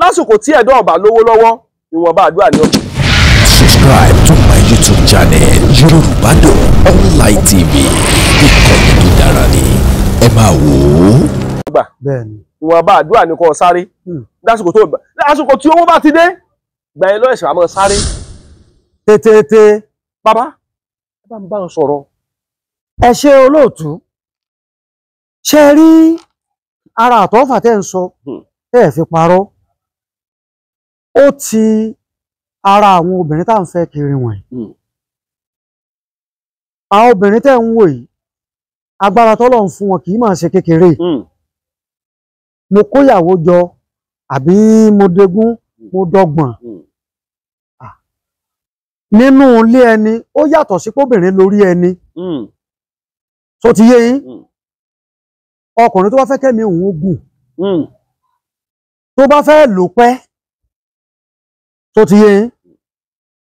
lásìkò tí ẹ̀dọ́ ọ̀bà lówó lọ́wọ́ ìwọ̀nba àdúrà ni ọ̀bà. subscribe to my youtube channel yorùbá dùn online tv ìkànnì tó dára ni ẹ máa wò ó. ìwọ̀nba àdúrà ni kò sáré hmm. lásìkò tó lásìkò tí owó bá ti dé gbà ẹ lọ́ọ̀ṣẹ̀ àmọ́ sáré. tètè bàbá ẹ bá ń bá ń sọ̀rọ̀. ẹ ṣe olóòtú ṣe rí ara àtọ́fà tẹ́ ń sọ hmm. tẹ́ ẹ fi parọ́ ó ti ara àwọn obìnrin tá à ń fẹ́ kiri wọ̀nyí hmm. àwọn obìnrin tẹ́ ń wò yìí agbára tọ́lọ̀ ń fún wọn kì í máa ṣe kékeré hmm. mo kóyàwó jọ àbí mo dégún mo dọ́gbọ̀n hmm. nínú ilé ẹni ó yàtọ̀ sí póbìnrin lórí ẹni tó ti yé yín ọkùnrin tó bá fẹ́ kẹ́mi òun ó gùn tó bá fẹ́ lò pẹ́ tó ti yé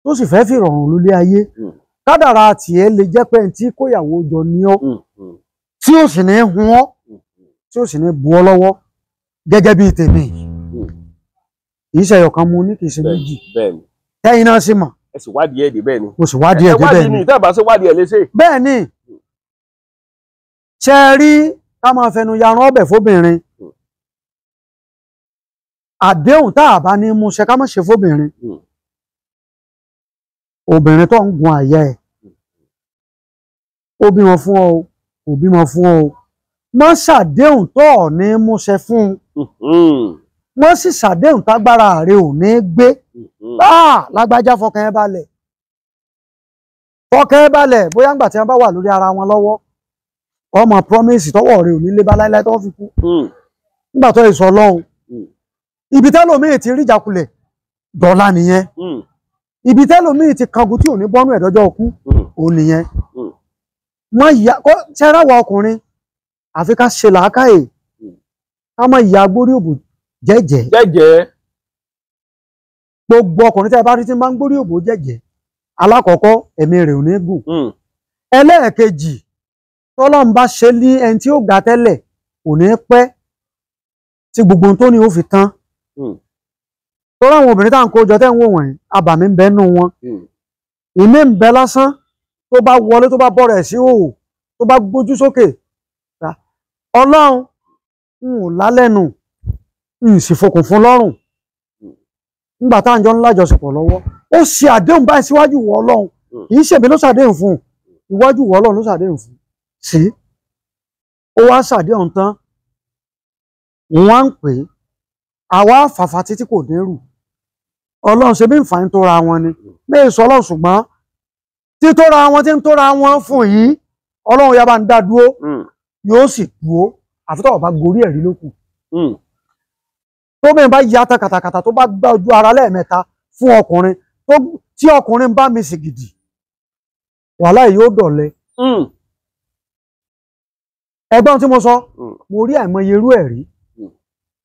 tó sì fẹ́ fi rọrùn lólé ayé hmm. kádàrà tiẹ̀ lè jẹ́ pé tí kóyàwó jọ ní ọ́ hmm, hmm. tí ó sì ní hun ọ́ tí ó sì ní bu ọ́ lọ́wọ́ gẹ́gẹ́ bíi tèmi kì ṣe ẹyọkan mu ní kì ṣe méjì tẹ́yìn náà sì mọ̀ ni mo sì wádìí ẹ̀ dé bẹ́ẹ̀ ni ìtẹ́bà sí bẹ́ẹ̀ ni ṣe rí ká máa fẹnu yarun ọbẹ̀ fóbìnrin àdéhùn tá a bá ní mú ṣe ká má ṣe fóbìnrin hmm. obìnrin tó ń gun àyà ẹ̀ ó bímọ fún ọ kò bímọ fún ọ má ṣàdéhùn tó ọ ní mú ṣe fún wọn hmm. sì ṣàdéhùn tágbára rẹ ò ní gbé hmm. ah! lágbájá fọkàn ẹ balẹ̀ fọkàn ẹ balẹ̀ bóyá ńgbà tí wọn bá wà lórí ara wọn lọ́wọ́ ọmọ promise tọwọ́ rẹ ò ní lé bá láíláí tọwọ́ fi kú nígbà tó ìsọ Ọlọ́run ibi tẹ́lòmíì ti ríjàkulẹ̀ dọ̀la nìyẹn hmm. ibi tẹ́lòmíì ti kangun tí ò ní bọ́nú ẹ̀dọ́jọ́ okú hmm. òun nìyẹn hmm. má yà kó sẹ́ráwá ọkùnrin àfi ká ṣe làákàyè ká má yà agbórí òbò jẹ́jẹ́ jẹ́jẹ́ gbogbo ọkùnrin tẹ́ bá rí tí máa ń gbórí òbò jẹ́jẹ́ alákọ̀ọ́kọ́ ẹ̀mí rẹ̀ ò ní gùn ẹlẹ́ẹ̀kejì tọ́lọ́run bá ṣe ní ẹni tí ó gbà tẹ́lẹ̀ ò ní pẹ́ tí gbogbo ohun tó ní ó fi tán Hmm. tó ráwọn obìnrin tá ń kó tẹ́ ń wò wọ̀nyí abàmì ń bẹ nù wọn hmm. ìmí ń bẹ lásán tó bá wọlé tó bá bọ̀rẹ̀ sí òwò tó bá gbójú sókè ọlọ́run n ò lálẹ́nu n sì fokùn fún lọ́rùn hmm. nígbà tá ń jọ lájọsọ̀pọ̀ lọ́wọ́ ó ṣe àdéhùn báyìí síwájú wọ ọlọ́run kì í ṣèmi ló ṣàdéhùn fún un iwájú wọ ọlọ́run ló ṣàdéhùn fún un sí ó wá ṣàdéhùn tán wọ́n á ń pè é àwa fàfà títí kò dérù ọlọ́run ṣe bí nfà ń tóra wọn ni léè sọ ọlọ́run ṣùgbọ́n títóra wọn tí ń tóra wọn fún yìí ọlọ́run yaba ń dá dúró hmm. yóò sì dúró àfitọ́wọ̀ bá gorí ẹ̀rí lókù hmm. tó bẹ́ẹ̀ bá ya ta kàtàkàtà tó bá gbá ojú ara lẹ́ẹ̀mẹ́ta fún ọkùnrin tí ọkùnrin bá mi sì gidi wàláì yóò dọ̀lẹ hmm. ẹgbọ́n tí mo sọ mo rí àìmọye irú ẹ̀rí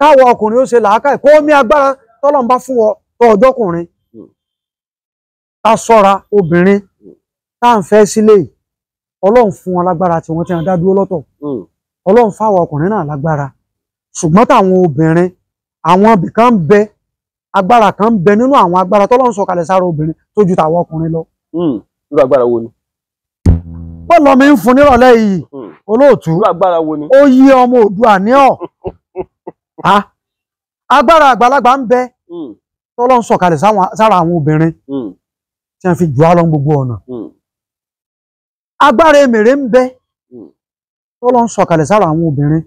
káwọ ọkùnrin ó ṣe làákàì kó mí agbára tọ́lọ́n bá fún ọ tó ọjọ́kùnrin hmm. ká sọ́ra obìnrin tá à ń fẹ́ sílé ọlọ́run fún wọn lágbára tí wọ́n ti hàn dádúró lọ́tọ̀ hmm. ọlọ́run fáwọn ọkùnrin náà lágbára ṣùgbọ́n táwọn obìnrin àwọn ibìkan ń bẹ agbára kan ń bẹ nínú àwọn agbára tọ́lọ́run sọ̀kalẹ̀ sára obìnrin tó ju tàwọn ọkùnrin lọ. Hmm. irú agbára wo ni. bọ́ọ̀lù ọmọ mi ń fún nírọ̀lẹ́ yìí olóòtú ó yí ọmọ òdua ní ọ̀ agbára àgbàlagbà ń bẹ hmm. tọ́lọ́n hmm. hmm. sọ̀kalẹ̀ sára àwọn obìnrin tí wọ́n fi jù á lọ gbogbo ọ̀nà agbára èmèrè ń bẹ tọ́lọ́n sọ̀kalẹ̀ sára àwọn obìnrin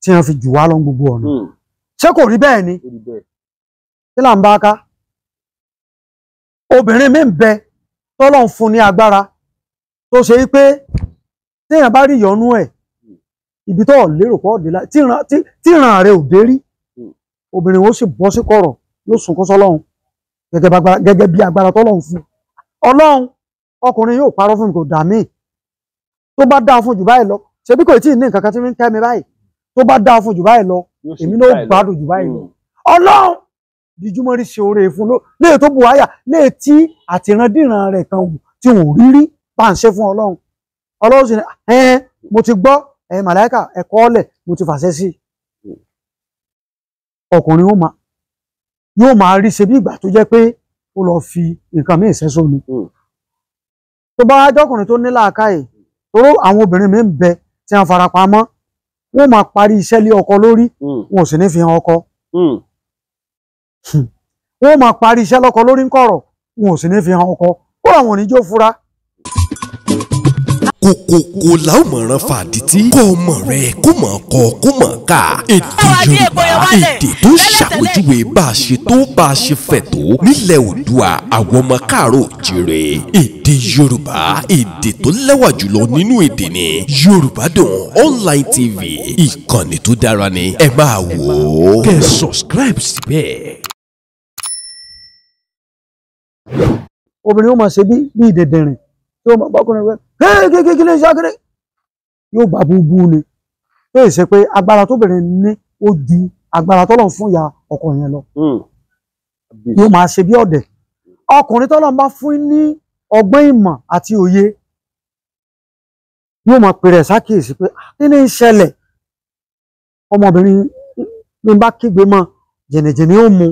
tí wọ́n fi jù á lọ gbogbo ọ̀nà ṣé kò rí bẹ́ẹ̀ ni kí là ń bá ká obìnrin mi ń bẹ tọ́lọ́n fún ní agbára tó ṣe pé téèyàn bá rí ìyọnú ẹ̀ ibi tó lérò pọ̀ dé la tí ìran rẹ ò dé rí obìnrin ó sì bọ́ sí kọ̀rọ̀ yóò sunkún sọ́lọ́run gẹ́gẹ́ bí agbára tọ́lọ́run fún ọlọ́run ọkùnrin yóò parọ́ fún mi kò dà mí tó bá dáa fún jù báyìí lọ ṣebí kò tí ì ní nǹkan kan tí mi ń tẹ́ mi báyìí tó bá dáa fún jù báyìí lọ èmi ló gbádùn jù báyìí lọ hmm. ọlọ́run dijúmọ́rí ṣe oore fún ló léè tó bu àyà léè tí àtìrandíran rẹ̀ kan wù tí wọn ò rí rí bá fún ọlọ́run ọlọ́run sì ni mo ti gbọ́ ẹ̀yin màláìkà ẹ̀kọ́ ọ̀lẹ̀ mo ti fàṣẹ sí ọkùnrin ó máa yóò máa rí ṣe bí ìgbà tó jẹ́ pé ó lọ fi nǹkan míì sẹ́sọ ni hmm. tó bá jọkùnrin tó ní làákàyè toró àwọn obìnrin mi ń bẹ tí wọn fara pamọ́ wọn máa parí iṣẹ́ lé ọkọ lórí hmm. wọn ò sì ní fi hàn ọkọ hmm. wọn máa parí iṣẹ́ lọ́kọ lórí ńkọ̀rọ̀ wọn ò sì ní fi hàn ọkọ kó àwọn oníjó fura kòkòkò la ó mọ̀ ràn fàdítì kọ́ ọmọ rẹ kó mọ̀ kọ́ kó mọ̀ ká èdè Yorùbá èdè tó ṣàpèjúwe bá a ṣe tó bá a ṣe fẹ̀ tó nílẹ̀ Oòduà àwọn ọmọ káàárọ̀ òjìrè èdè Yorùbá èdè tó lẹ́wà jùlọ nínú èdè ni Yorùbá Dùn Online TV ìkànnì tó dára ni ẹ máa wò ó kẹ́ subscribe síbẹ̀ obìnrin ó máa ṣe bí bí ìdẹ̀dẹ̀rìn yóò máa bọ́kùnrin wẹ́ kéèké kí lè ṣe akéde yóò bá búbú ni ó ṣe pé agbára tóbìnrin ní ó ju agbára tọ́lọ́run fún ìyá ọkọ yẹn lọ hmm. yóò máa ṣe bí ọ̀dẹ̀ ọkùnrin tọ́lọ́run bá fún ní ọgbọ́n ìmọ̀ àti òye yóò máa pèrè ṣàkíyèsí pé ah, kí ni ń ṣẹlẹ̀ ọmọbìnrin ní bá kígbe mọ́ jẹ̀nẹ̀jẹ̀nẹ̀ ó mu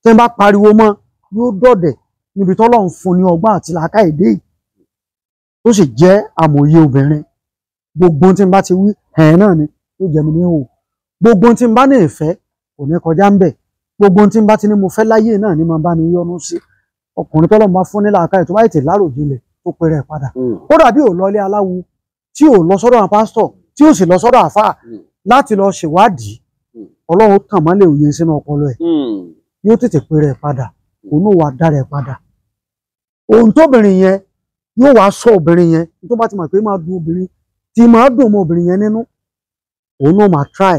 tí wọ́n bá pariwo mọ́ yóò dọ̀dẹ̀ níbi tọ́lọ́run fún ní ọgbọ́n àti làákàyè dé yìí tó sì jẹ́ àmọ̀ye obìnrin gbogbo tí n bá ti wí ẹ̀ẹ́n náà ni tó jẹ́ mi ní hò gbogbo tí n bá ní ìfẹ́ kò ní kọjá ń bẹ̀ gbogbo tí n bá ti ní mo fẹ́ láyé náà ni máa bá mi yọnu sí ọkùnrin tọ́lọ́run bá fún ní làákàyè tó bá tètè láròjinlẹ̀ tó pẹ̀rẹ̀ padà hmm. ó dàbí ò lọ́lé aláwo tí ò lọ sọ́dọ̀ àwọn pásítọ̀ tí ò sì lọ sọ́dọ̀ àfáà hmm. láti lọ ṣèwádìí hmm. ọlọ́run tàn mọ́lẹ̀ òye sínú ọpọlọ ẹ̀ yóò tètè pẹ̀rẹ̀ padà òun ò wá dára padà ohun tóbìnrin yẹn yóò wá sọ obìnrin yẹn tó bá ti mọ̀ pé máa dùn obìnrin tí máa dùn ọmọ obìnrin yẹn nínú òun náà máa try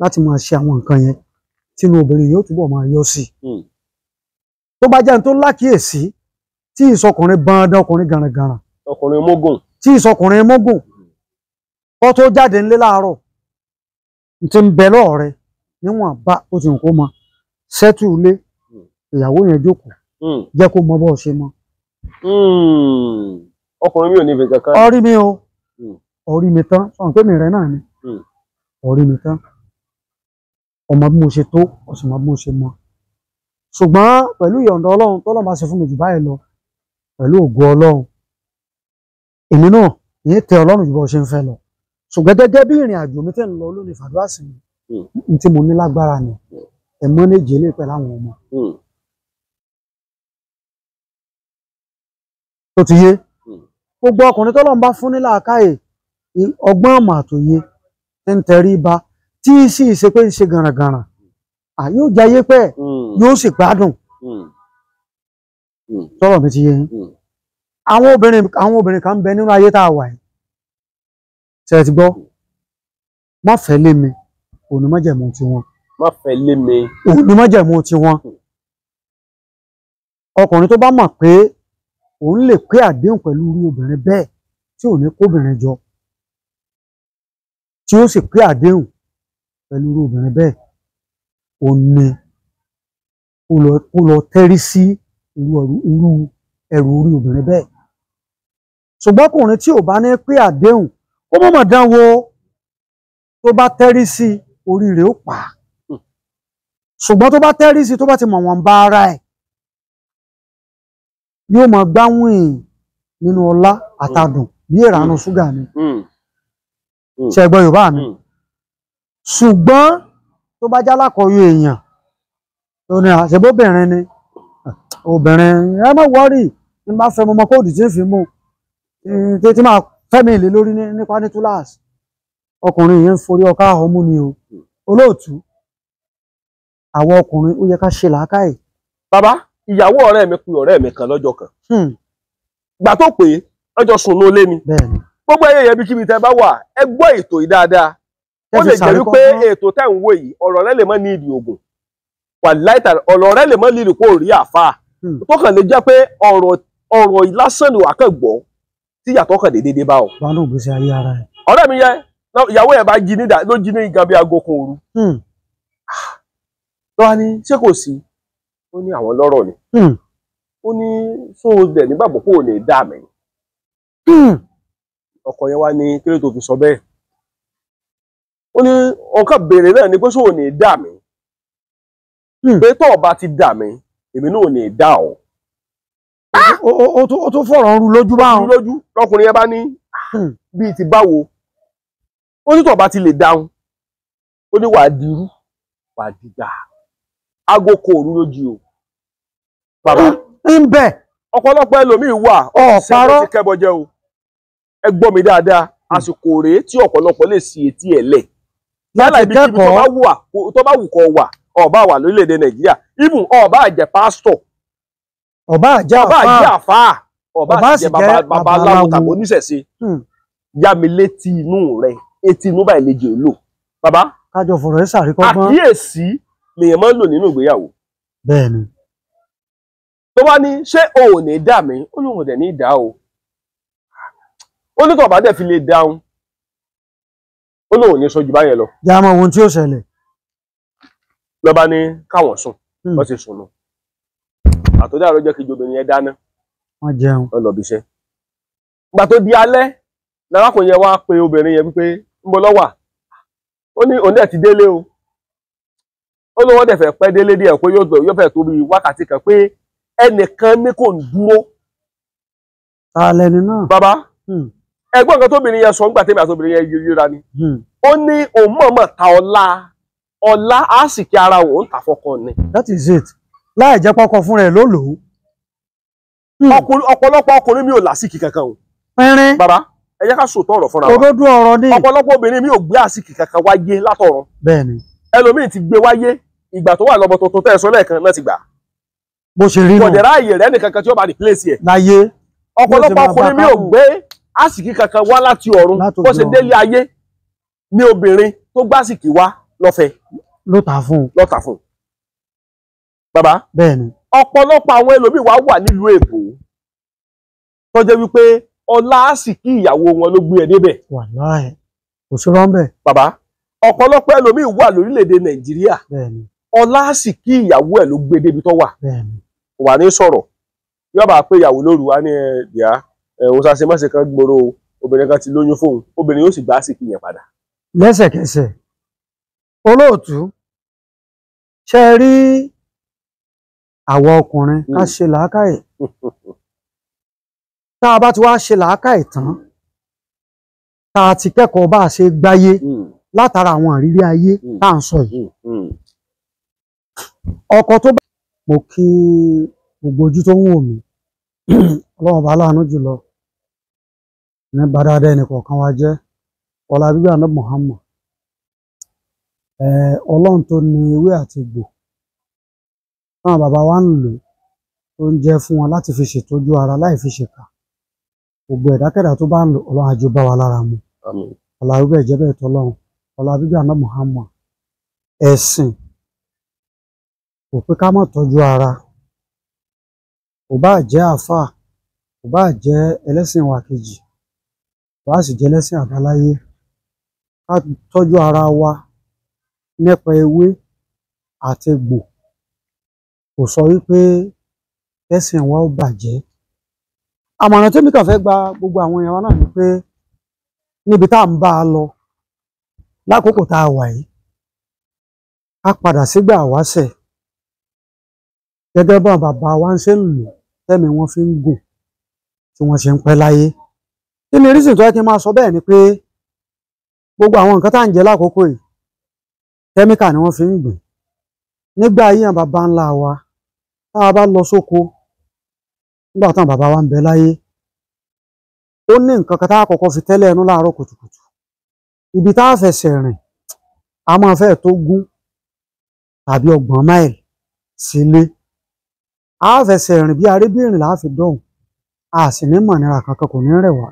láti máa ṣe àwọn nǹkan yẹn tínú obìnrin yóò túbọ̀ máa yọ sí i hmm. tó bá jẹ́ ní tó lákìyèsí tí ìsọkùnrin bandan ọkùnrin garangaran ọkùnrin mógùn tí ìsọkùnrin mógùn kó tó jáde nílé láàárọ̀ ti ń bẹ lọ́ọ̀rẹ́ níwọ̀n bá ó ti hàn kó mọ sẹ́tù ilé hmm. ìyàwó yẹn jókòó hmm. jẹ́ kó mọ bọ́ ọ ṣe mọ́ Hmm. ọkùnrin mi ò ní ibi kankan. ọrí mi o ọrí hmm. mi tán sọ̀rọ̀ pé mi rẹ̀ náà ni ọrí hmm. mi tán ọmọ bí mo ṣe tó ọ̀sùn mọ bí mo ṣe mọ ṣùgbọ́n pẹ̀lú ìyọ̀ǹda ọlọ́run tọ́lọ́ bá ṣe fún mi jù báyìí lọ pẹ̀lú ògo ọlọ́run èmi náà ìyẹn tẹ ọlọ́run jù bọ́ ṣe ń fẹ́ lọ ṣùgbọ́n gẹ́gẹ́ bí ìrìn àjò mi tẹ̀ ń lọ lónìí fàdúrà sí mi n tí mo ní lágbára ni ẹ̀mọ́ méje lè pẹ̀lú àwọn ọmọ tó ti yé hmm. gbogbo ọkùnrin tọ́lọ́run bá fún ní làákàyè ọgbọ́n àmọ̀ àtòyé tí ń tẹrí ba tí sì ṣe pé ń ṣe gàràngàrà à yóò jayé pẹ́ hmm. yóò sì gbádùn hmm. tọ́rọ̀ mi ti yé yín àwọn obìnrin àwọn obìnrin kan ń bẹ nínú ayé tá a wà yìí ṣe ti gbọ́ má fẹ́ lé mi òní májẹ̀mú tiwọn. má fẹ́ lé mi. òní májẹ̀mú tiwọn. ọkùnrin tó bá mọ̀ pé òun lè pé àdéhùn pẹ̀lú irú obìnrin bẹ́ẹ̀ tí ò ní kóbìnrin jọ tí ó sì pé àdéhùn pẹ̀lú irú obìnrin bẹ́ẹ̀ ò ní kó lọ tẹ́rí sí irú ẹrù orí obìnrin bẹ́ẹ̀ ṣùgbọ́n kùnrin tí ò bá ní pé àdéhùn ó mọ̀mọ̀ dán wo tó bá tẹ́rí sí orí rẹ̀ ó pa ṣùgbọ́n tó bá tẹ́rí sí tó bá ti mọ̀ wọ́n bá ara ẹ̀ yóò mọ gbáwìn nínú ọlá àtàdùn mm. bí ìrànú mm. ṣúgà ni mm. ṣẹgbọn yorùbá mi ṣùgbọ́n tó bá jálàkọyọ èèyàn tó ní àṣebóbìnrin ni ah, obìnrin ẹ má wọrí ní bá fẹ́ mọmọ kóòdù tí ń fi mú tí tí máa fẹ́mi ìlé lórí nípa ní túláàsì ọkùnrin yẹn ń forí ọkà ọmú ni o olóòtú àwọn ọkùnrin ó yẹ ká ṣe làákàyè. bàbá ìyàwó ọ̀rẹ́ mi pe ọ̀rẹ́ mi kan lọ́jọ́ kan hmm. gbà tó pé ọjọ́ sùn ló lé mi gbogbo ẹyẹ yẹn bí kíbi tẹ bá wà ẹ gbọ́ ètò yìí dáadáa ó lè jẹ́ wípé ètò tẹ̀ ń wò yìí ọ̀rọ̀ rẹ lè mọ́ ní ìdí ògùn wàláìtà ọ̀rọ̀ rẹ lè mọ́ lílì kó rí àáfàá hmm. tó kàn lè jẹ́ pé ọ̀rọ̀ lásán ni wà kàn gbọ́ tí ìyàtọ̀ kàn lè dédé bá ọ. wọn ló gbèsè ayé ara ẹ. ọ̀rẹ́ mi yẹn ìyàwó yẹn bá jí ní ló bí aago kan òru. Hmm. Ah. lọ́wọ́ ni ṣé kò sí ó ní àwọn lọ́rọ̀ ni hmm. ó ní sóòdẹ nígbàgbọ́ pé ò lè dá mi hmm. ọkọ yẹn wá ní kí ló tó fi sọ bẹ́ẹ̀ ó ní ọkọ béèrè náà ni pé sóò ní dá mi hmm. pé tó bá ti dà mí èmi náà ò ní dá ọ. Ah! ó tún fọ̀rọ̀ ń ru lójú báwọn. lójú lọkùnrin yẹn bá ní bíi ti báwo ó ní tó bá ti lè dáhùn ó ní wàá dirú wàá dìgbà. Agoko kò òróró o. bàbá ń bẹ. ọ̀pọ̀lọpọ̀ ẹlòmíì wà ọ̀sẹ̀ ti kebo je o E mi hmm. tí ọpọlọpọ lè si eti ẹ̀ lẹ̀. ibi kíbi bá wù wà tó wà ọ̀bá nàìjíríà even ọ̀bá àjẹ́ pásítọ̀ ọba jẹ babaláwo hmm. mi lèèyàn máa ń lò nínú ìgbéyàwó. bẹ́ẹ̀ni. tó bá ní ṣé o ò ní dà mí ó lóun ò dẹ̀ ní dà o ó ní tó bá dẹ̀ fi lè dáhùn ó lóun ò ní sọ jù báyẹn lọ. ìyá ọmọ ohun tí ó ṣẹlẹ̀. lọ́ba ní káwọn sùn hmm. wọ́n ti sùn nù àtọ́jà àròjọ kejì obìnrin yẹn dáná. wọ́n jẹun. wọ́n lọ bí iṣẹ́. ìgbà tó di alẹ́ lárakùnrin yẹn wá pe obìnrin yẹn wípé ń bọ́ lọ́wà ó ní òun dẹ̀ ti délé o ó lówó dẹ̀ fẹ́ pẹ́ délé díẹ̀ pé yóò fẹ́ tó wákàtí kan pé ẹnìkan ní kò ń dúró. alẹ́ni náà. bàbá hmm. ẹgbọ́n nǹkan tóbìnrin yẹn sọ nígbà tẹ́mi àtòbìnrin yẹn yíra ni hmm. ó ní òun mọ̀ọ́mọ̀ ta ọlá ọlá á sì kí ara òun tà fọkọ ni. that is it láì jẹ́ pọ́kọ fúnra ẹ̀ ló hmm. ọ̀pọ̀lọpọ̀ ọkùnrin mi ò làásìkì kankan o. pẹ́rín bàbá ẹ jẹ́ ká sòótọ́ ọ̀rọ̀ fúnra wa òdodo ọ̀rọ̀ ni ọ̀pọ̀lọpọ̀ obìnrin mi ò gbé àsìkì kankan wáyé látọ̀run. bẹ́ẹ̀ni ẹlòmíì ti gbé wáyé ìgbà tó wà lọ́mọ tuntun tẹ́ ẹ sọ lẹ́ẹ̀kan náà ti gbà. bó ṣe rí nù kọ̀dẹ̀rá ààyè rẹ̀ nìkan kan tí ó bá replace ẹ̀. láyé ọ̀pọ̀lọpọ̀ ọkùnrin mi ò gbé àsìkí kankan wá láti ọ̀run bó ṣe délé ayé ní obìnrin tó gbásìkí wá lọ́fẹ̀. ló tà fún un. ló tà fún un. bàbá bẹ́ẹ̀ni ọ̀pọ̀lọpọ̀ àwọn ẹlòmíì wá wà nílùú èbó tó wípé ọlá àsìkí ìyàwó wọn ló gbé ẹ ọ̀pọ̀lọpọ̀ ẹlòmíì wà lórílẹ̀‐èdè nàìjíríà ọlá sì kí ìyàwó ẹ̀ ló gbé débi tó wà kò wà ní sọ̀rọ̀ yóò bá pé ìyàwó lóru wá ní ẹ̀dìá ẹ̀hún sáṣe má ṣe kan gbòòrò obìnrin kan ti lóyún fóun obìnrin yóò sì gbà á sì kí yẹn padà. lẹ́sẹ̀kẹsẹ̀ olóòtú ṣe rí àwọn ọkùnrin ká hmm. ṣe làákàyè tá a bá ti wá ṣe làákàyè tán tá a ti kẹ́kọ̀ọ́ bá a ṣe gbáyé hmm. látara àwọn ìrírí ayé hmm. tá à ń sọ yìí ọkọ tó bá mo kí gbogbo ojú tó ń wò mí ọlọ́run bá láàánú jùlọ ní bàdáadá ẹnì kọ̀ọ̀kan wa jẹ́ ọlá bíbí àná Muhammad ọlọ́run tó ní ewé àti gbò táwọn bàbá wa ń lò tó ń jẹ́ fún wọn láti fi ṣètọ́jú ara láì fi ṣèkà gbogbo ẹ̀dákẹ́dà tó bá ń lò ọlọ́run àjò bá lára mu ọlá bíbí àná kò pé ká má tọ́jú ara kò bá je afa kò bá je ẹlẹ́sìn wa kejì kò bá sì jẹ́ ẹlẹ́sìn àbáláyé ká ara wa nípa ewé àti egbò kò sọ wípé ẹ̀sìn wa ó bàjẹ́ àmọ̀ràn tèmi kàn fẹ́ gba gbogbo àwọn èèyàn wa náà ni pé níbi tá à ń bá a lọ lákòókò tá a wà yìí ká padà sígbà wáṣẹ̀ gẹ́gẹ́ bá bàbá wa ń ṣe ń lò tẹ́mi wọn fi ń gùn tí wọ́n ṣe ń pẹ́ láyé kí ni rísìn tó yẹ kí n máa sọ bẹ́ẹ̀ ni pé gbogbo àwọn nǹkan tá à ń jẹ lákòókò yìí kẹ́míkà ni wọ́n fi ń gbìn nígbà yíyan bàbá ńlá wa tá a bá lọ sóko nígbà táwọn bàbá wa ń bẹ láyé ó ní nǹkan kan tá a kọ́kọ́ fi tẹ́lẹ̀ ẹnu láàárọ̀ kùtùkùtù ibi tá a fẹsẹ̀ rìn a máa fẹ́ tó gún tàbí ọgbọ̀n máìlì sílé a fẹsẹ̀ rìn bí arébìnrin la fi dọ̀hùn a sì ní mọ̀nira kankan kò ní rẹ̀ wá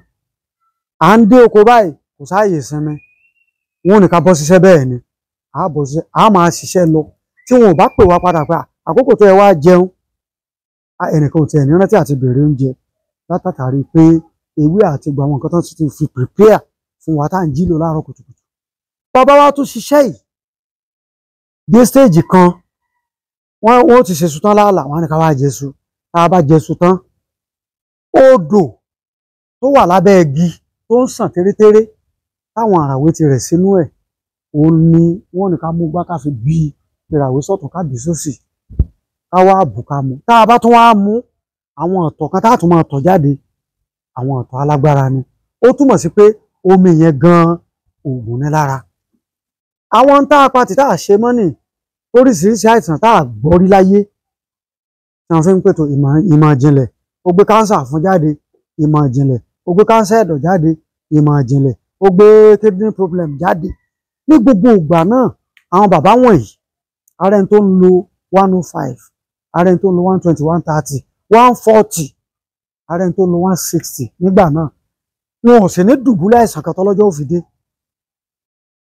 à ń dé oko báyìí kò sáàyè sinmi wọn ò bọ́ ṣiṣẹ́ bẹ́ẹ̀ ni a bọ́ ṣiṣẹ́ a máa ṣiṣẹ́ lọ tí wọn ò bá pè wá padà pé àkókò tó ẹ wá jẹun ẹnìkan ò tiẹ̀ ní rántí àti bèrè oúnjẹ látàtàrí pé ewé àti gbogbo àwọn nǹkan tó ti fi prepare fún wa tá à ń jí lò láàárọ̀ kùtùkùtù bàbá wa tún ṣiṣẹ́ yìí dé stage kan wọ́n wọ́n ti ṣe sùtán láàlà wọ́n ní ká wá jẹsù tá a bá jẹsù tán odò tó wà lábẹ́ igi tó ń sàn térétéré táwọn àràwé ti rẹ̀ sínú ẹ̀ òun ni wọ́n ní ká mú gbá ká fi bí ìràwé sọ̀tún ká bí sósì ká wá bù ká mu tá a bá tún wá mú àwọn ọ̀tọ̀ kan tá a tún máa tọ̀ jáde àwọn ọ̀tọ̀ alágbára ni ó túmọ̀ sí pé omi yẹn gan-an oògùn ni lára àwọn tá a pa tì ṣe mọ́ oríṣiríṣi àìsàn tá a gbọ́ rí láyé tí wọ́n fi ń pètò ìmọ̀ ìjìnlẹ̀ ó gbé káńsà fún jáde ìmọ̀ ìjìnlẹ̀ ó gbé káńsà ẹ̀dọ̀ jáde ìmọ̀ ìjìnlẹ̀ ó gbé kidney problem jáde ní gbogbo ìgbà náà àwọn bàbá wọ̀nyí ààrẹ tó ń lo one oh five ààrẹ tó ń lo one twenty one thirty one forty ààrẹ tó ń lo one sixty nígbà náà wọn ò sì ní dùbúlẹ̀ àìsàn kan tọ́lọ́jọ́ òfìdé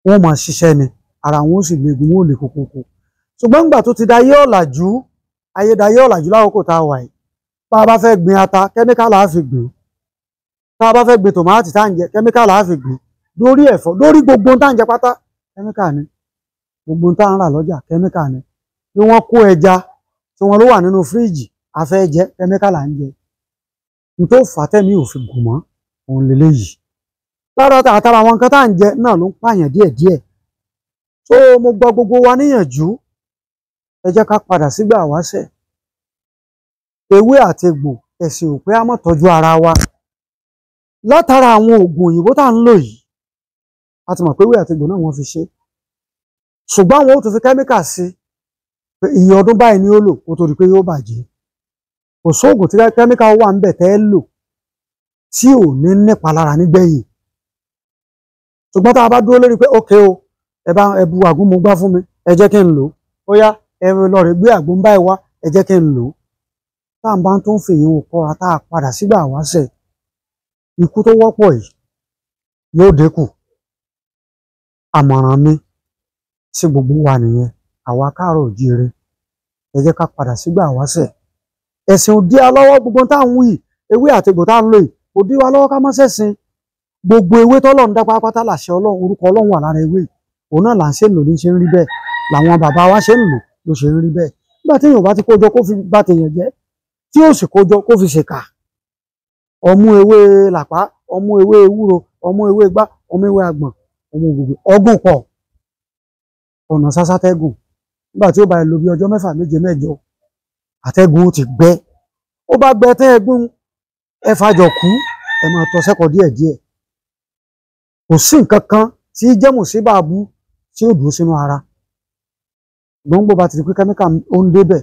wọn máa ṣiṣẹ́ ni ara wọn ó sì le egun wọn ò lè kókókó ṣùgbọ́n nígbà tó ti dayé ọ̀làjú ayé dayé ọ̀làjú lákòókò tá a wà yìí tá a bá fẹ́ gbin ata kẹ́míkà là á fi gbìn tá a bá fẹ́ gbin tòmátì tá à ń jẹ kẹ́míkà là á fi gbìn lórí ẹ̀fọ́ lórí gbogbo tá à ń jẹ pátá kẹ́míkà ni gbogbo tá à ń rà lọ́jà kẹ́míkà ni bí wọ́n kó ẹja tí wọ́n ló wà nínú fíríjì a fẹ́ jẹ kẹ́míkà ń jẹ n tó fà tẹ́mi ò fi gùn mọ́ òun lélẹ́yìí lára tó mo gbà gbogbo wa níyànjú ẹ jẹ́ ká padà sígbà wáṣẹ̀ ewé àti egbò ẹ̀sìn ò pé a mọ̀ tọ́jú ara wa látara àwọn oògùn òyìnbó tá à ń lò yìí a ti mọ̀ pé ewé àti egbò náà wọ́n fi ṣe ṣùgbọ́n àwọn ó tún fi kẹ́míkà sí pé iye ọdún báyìí ni ó lò kó tó di pé yóò bàjẹ́ kò sóògùn tí kẹ́míkà wà ń bẹ̀ tẹ́ lò tí ò ní nípa lára nígbẹ̀yìn ṣùgbọ́n tá a bá dúró lórí pé ókè o ẹ bu àgúnmu gbá fún mi ẹ jẹ́ kí n lò ó yá ẹ lọ rẹ gbé àgbo ń báyìí wá ẹ jẹ́ kí n lò ó tá à ń bá tó ń fèyí wọn kọ́ra tá a padà sígbà wáṣẹ̀ ikú tó wọ́pọ̀ yìí yóò dínkù àmọ̀ràn mi sí gbogbo wa nìyẹn àwa káàárọ̀ òjíire ẹ jẹ́ ká padà sígbà wáṣẹ̀ ẹ̀sìn òdí alọ́wọ́ gbogbo tá à ń wí ewé àtegbò tá à ń lò yìí òdí wa lọ́wọ́ ká má ṣẹ̀sìn gbogbo ewé tọ́lọ́run dá pátápátá làṣẹ ọlọ́run orúkọ ọlọ́run wà lára ewé yìí òun náà là ń ṣe ń lò ní ṣe ń rí bẹ́ẹ̀ làwọn bàbá wa ṣe ń lò ló ṣe ń rí bẹ́ẹ̀ nígbà téèyàn bá ti kójọ kó fi bá téèyàn jẹ́ tí ó sì kójọ kó fi ṣèkà ọmú ewé làpá ọmú ewé ewúro ọmú ewé gbá ọmú ewé àgbọ̀n ọmú gbogbo ọgùn pọ̀ ọ̀nà sásá tẹ́gùn nígbà tí ó bá lò bí ọjọ́ mẹ́fà méje mẹ́jọ àtẹ́gùn ó ti gbẹ ó bá gbẹ tẹ́gùn ẹ fàjọ kú ẹ máa tọ́ sẹ́kọ̀ọ́ díẹ̀díẹ̀ kò sí nǹkan kan tí jẹ́mùsí bàbú tí ó dùn sínú ara gbọ́ngbò bá ti di pé kẹ́míkà ó ń débẹ̀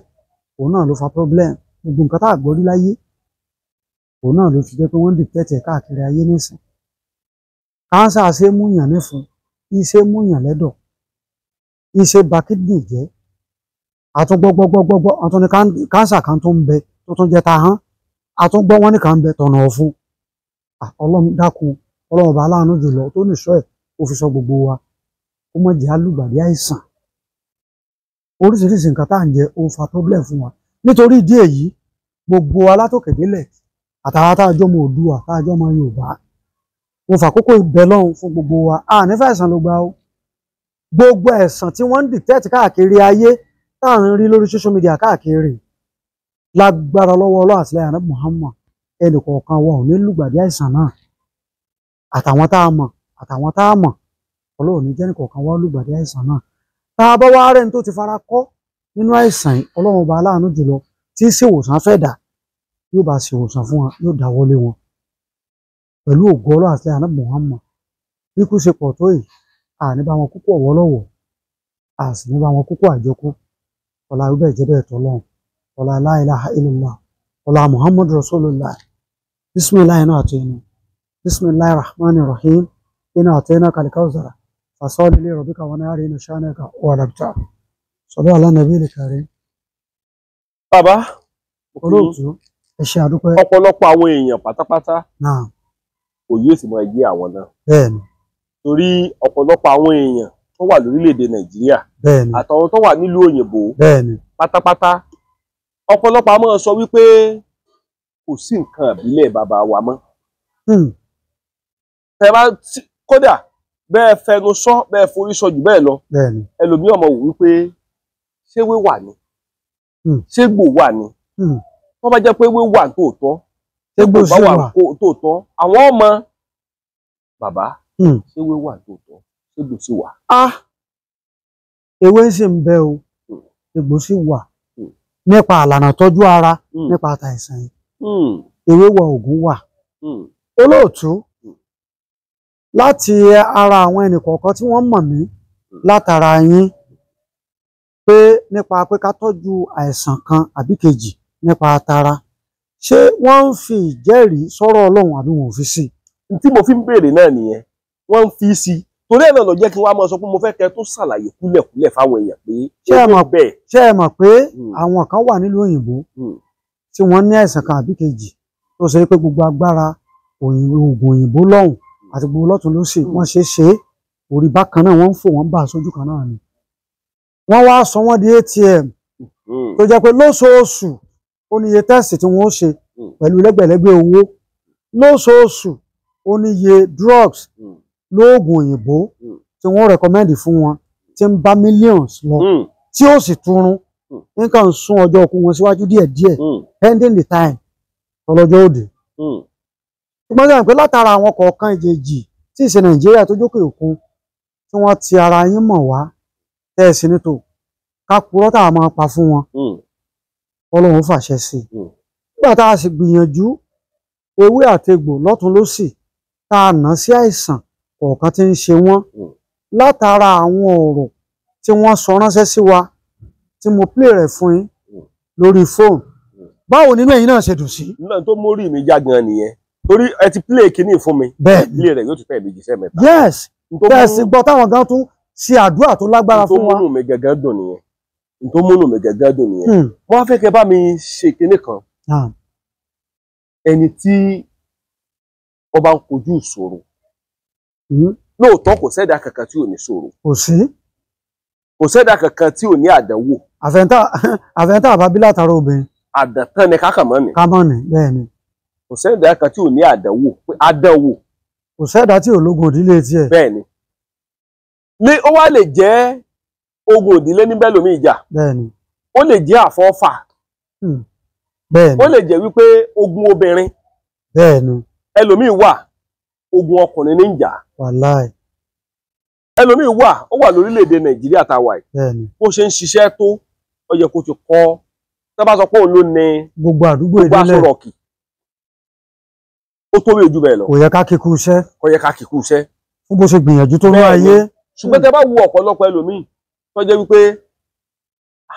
òun náà ló fa problem gbogbo nǹkan tá a gbọ́ rí láyé òun náà ló fi jẹ́ pé wọ́n ń dìtẹ́tẹ̀ káàkiri ayé nísìn kánsà ṣe é múyàn nífun iṣẹ́ múyàn lẹ́dọ̀ iṣẹ́ ba kídìnì jẹ́ àtúngbọ́gbọ́gbọ́gbọ́ àtúnni kánsà kan tó ń bẹ tó tún jẹ́ ta hán àtúngbọ́ wọn nìkan ń bẹ tọ̀nà ọ̀fun ọlọ́run dákun ọlọ́run ọba aláàánú jùlọ tó nìṣọ́ ẹ̀ ó fi sọ gbogbo wa ó mọ̀ jẹ́ alùgbàdì àìsàn oríṣiríṣi nǹkan tá à ń jẹ ó fa problem fún wa nítorí ìdí èyí gbogbo alátòkèdélẹ̀ àtàwọn tá a jọmọ Oòduà tá a jọmọ Yorùbá mo fàkókò ìbẹ lọ́hùn fún gbogbo wa a ní fẹ̀sán ló gba o gbogbo ẹ̀sàn tí wọ́n ń dìtẹ́ẹ̀tì káàkiri ayé tá à ń rí lórí social media káàkiri lágbára lọ́wọ́ ọlọ́ àtìlẹ́yìn àná Muhammad ẹnìkọ̀ọ̀kan wa ò ní lùgbàdì àìsàn náà àtàwọn tá a mọ̀ àtàwọn tá a mọ̀ ọlọ́run ní jẹ́nìkọ̀ọ̀kan wa lùgbàdì àìsàn náà tá a bá wá rẹ́ni tó ti fara kọ́ nínú àìsàn ọlọ́run ọba aláàánú jùlọ tí í ṣèwòsàn fẹ́ dà yóò bá ṣèwòsàn fún wọn yóò dáwọ́lé wọn pẹ̀lú ògo ọlọ́run àti àná Muhammad bí kú ṣe pọ̀ tó yìí àní bá wọn kúkú ọ̀wọ́ lọ́wọ́ a sì ní bá wọn kúkú àjọkú ọlá ibẹ̀ jẹ́ bẹ́ẹ̀ tọ́ ọlá la ilaha ọlá Muhammad rasulullah bisimilahi náà àti inú bisimilahi rahman rahim iná àti iná kalikawzara فصل لي ربك وناري نشانك ولبتا صلوا على النبي الكريم bàbá olóòtú ẹ ṣe àdúpẹ́ ọ̀pọ̀lọpọ̀ àwọn èèyàn pátápátá òye ò sì máa yé àwọn náà bẹ́ẹ̀ni torí ọ̀pọ̀lọpọ̀ àwọn èèyàn tó wà lórílẹ̀ nàìjíríà bẹ́ẹ̀ni àtàwọn tó wà nílùú òyìnbó bẹ́ẹ̀ni pátápátá ọ̀pọ̀lọpọ̀ àmọ́ sọ wípé kò sí nǹkan ìbílẹ̀ bàbá wa mọ́ hmm. kódà bẹ́ẹ̀ fẹnu sọ bẹ́ẹ̀ forí sọ jù bẹ́ẹ̀ lọ ẹlòmíì ọmọ wò wípé ṣé wé wà ni hmm. ṣé gbò wà ni hmm. tó bá jẹ́ pé wé wà tòótọ́ ṣé gbò bá wà tòótọ́ àwọn ọmọ bàbá hmm. ṣé wé wà tòótọ́ ṣé gbò sí wà. Ah! ewé sì ń bẹ o egbò sì wà nípa àlànà tọ́jú ara nípa àtàìsàn yìí ewé wọ oògùn wà olóòtú láti ara àwọn ẹnìkọ̀ọ̀kan tí wọ́n mọ̀ mí látara yín pé nípa pé ká tọ́jú àìsàn kan àbí kejì nípa tara ṣé wọ́n ń fi ìjẹ́rìí sọ́rọ̀ ọlọ́run àbí wọn ò fi sí. tí mo fi ń béèrè náà nìyẹn wọ́n ń fi sí torí ẹ̀ náà lọ jẹ́ kí wọ́n á máa sọ pé mo fẹ́ kẹ́ tó ṣàlàyé kúlẹ̀kúlẹ̀ fáwọn èèyàn pé ṣé ẹ mọ̀ bẹ́ẹ̀. ṣé ẹ mọ̀ pé hmm. àwọn kan wà nílùú òyìnbó hmm. tí wọ́n ní àìsàn kan àbí kejì tó ṣe pé gbogbo agbára oògùn òyìnbó lọ́hùn àti gbogbo lọ́tún ló sì wọ́n ṣe ṣe orí bákan náà wọ́n ń fò wọ́n bá aṣojú kan náà ni wọ́n wá sọ wọ́n di atm hmm. tó jẹ́ pé lóṣooṣù ó ní iye tẹ́sì tí wọ́n ṣe hmm. pẹ̀lú lẹ́gbẹ̀lẹ́gbẹ̀ owó lóṣooṣù ó ní iye drugs hmm. lóògùn òyìnbó tí wọ́n rẹ̀kọ́mẹ́ndì fún wọn tí ń bá millions lọ tí ó sì túrun nǹkan sún ọjọ́ okùn wọn síwájú díẹ̀díẹ̀ pending the time tọlọ́jọ́ òde ṣùgbọ́n sẹ́yìn pé látara àwọn kọ̀ọ̀kan ìjèjì tí ìṣe nàìjíríà tó jókè òkun tí wọ́n ti ara yín mọ̀ wá tẹ́ ẹ̀ sí nítò ká tá a máa pa fún wọn hmm. ọlọ́run fàṣẹ sí i hmm. nígbà tá a sì gbìyànjú ewé àtegbò lọ́tún lọ́sì tá a nà sí àìsàn kọ̀ọ̀kan tí ń ṣe wọ́n hmm. látara àwọn ọ̀rọ̀ tí wọ́n sọ ránṣẹ́ sí wa tí mo play rẹ̀ fún yín lórí fóònù báwo nínú ẹ̀yin náà ṣe dùn sí. tó mórí mi já gan nìyẹn torí ẹ ti play kínní fún mi bẹ́ẹ̀ ilé rẹ̀ yóò ti fẹ́ ìbejì sẹ́ mẹ́ta. yes tẹ̀sí gbọ́ táwọn gan tún ṣe àdúrà tó lágbára fún wa. n tó múnú mi gẹ́gẹ́ dùn nìyẹn n tó múnú mi gẹ́gẹ́ dùn nìyẹn hmm. wọ́n á fẹ́ kẹ́ bá mi ṣe kínní kan ẹni tí ọba ń kojú ìṣòro hmm. lóòótọ́ kò sẹ́dá kankan tí ò ní ṣòro. kò sí. kò sẹ́dá kankan tí ò ní àdánwò. àfẹ́ntà àfẹ́ntà àbábílà tààrà obìnrin. àdàtàn ni kákàmọ́ ni. kámọ́ ni bẹ́ẹ̀ ni. kò sẹ́dá kan tí ò ní àdánwò pé àdánwò. kò sẹ́dá tí ò lógun òdílé tiẹ̀. bẹ́ẹ̀ni ní ó wá lè jẹ́ ogun òdílé níbẹ̀ lómi ìjà. bẹ́ẹ̀ni ó lè jẹ́ àfọ́fà. Hmm. bẹ́ẹ̀ni ó lè jẹ́ wípé ogun obìnrin. bẹ́ẹ̀ni ẹlòmíì wà ogun ọkùnrin ní ìjà. wàláì. ẹlòmíì wà ó wà lórílẹ̀‐èdè nàìjíríà tá a wà yìí. bó ṣe ń ṣiṣẹ́ tó ti kọ́ gbogbo àdúgbò ó tó bí ojú bẹ́ẹ̀ lọ. kò yẹ ká kíkú iṣẹ́. kò yẹ ká kíkú iṣẹ́. fún bó ṣe gbìyànjú tó ní ayé. ṣùgbọ́n tẹ bá wo ọ̀pọ̀lọpọ̀ ẹlòmíì tó jẹ́ wípé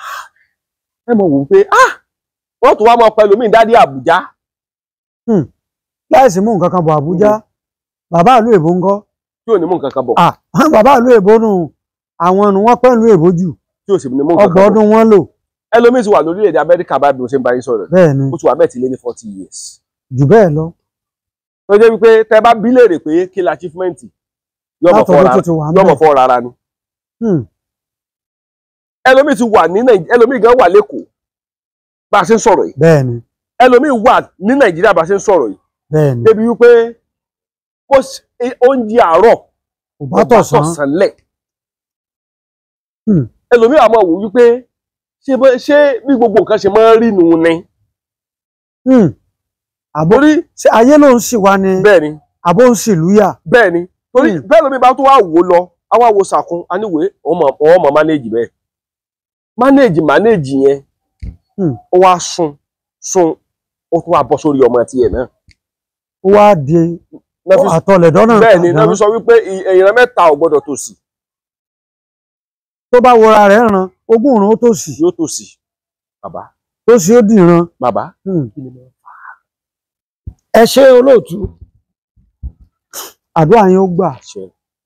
ah, ẹ mọ̀ wò pé ah, wọ́n tún wá mọ̀ ọ̀pọ̀ ẹlòmíì dádì Àbújá. Hmm. láìsí mú nǹkan kan bọ̀ Àbújá hmm. bàbá ìlú èbó ń gọ́. tí ò ní mú nǹkan kan bọ̀. Ah, bàbá ìlú èbó nù àwọn nù wọ́n pẹ̀lú èbó jù. tí ọdún wọn lò. ẹlòmíì ti wà lórílẹ̀ forty years. jù bẹ́ẹ̀ tó jẹ́ wípé tẹ́ bá bí léèrè pé kí la achievement yọmọ̀ fọ́ rárá ni hmm. ẹlòmíì ti wà ní nàìjíríà ẹlòmíì gan wà lẹ́kọ̀ọ́ bá a ṣe ń sọ̀rọ̀ yìí bẹ́ẹ̀ni ẹlòmíì wà ní nàìjíríà bá a ṣe ń sọ̀rọ̀ yìí bẹ́ẹ̀ni débi wípé kó e, oúnjẹ àárọ̀ kò bá tọ̀sán lẹ̀ hmm. ẹlòmíì àmọ́ wò wípé ṣé bí gbogbo nǹkan ṣe máa ń rí nu ni. Hmm àbórí ṣe ayé ló ń ṣì wá ni bẹ́ẹ̀ni àbó ń ṣì lúyà. bẹ́ẹ̀ni torí hmm. bẹ́ẹ̀ lómi bá tó wá wò lọ á wá wo sàkún aníwè ọwọ́ mọ̀ mánéèjì bẹ́ẹ̀ mánéèjì mánéèjì yẹn hmm. ó wá sun sun ó tún wá bọ́ sórí ọmọ tiẹ̀ náà. ó wá di àtọlẹ̀dọ́ náà. bẹ́ẹ̀ni náà fi sọ wípé ìran mẹ́ta ò gbọ́dọ̀ tòṣì. tó bá wọra rẹ̀ ràn ogún ìran ó tòṣì. yóò tòṣì bàbá. tòṣì ó dìran. bàbá hmm. kí ni mo ẹ ṣe olóòtú àdúrà yín ó gbà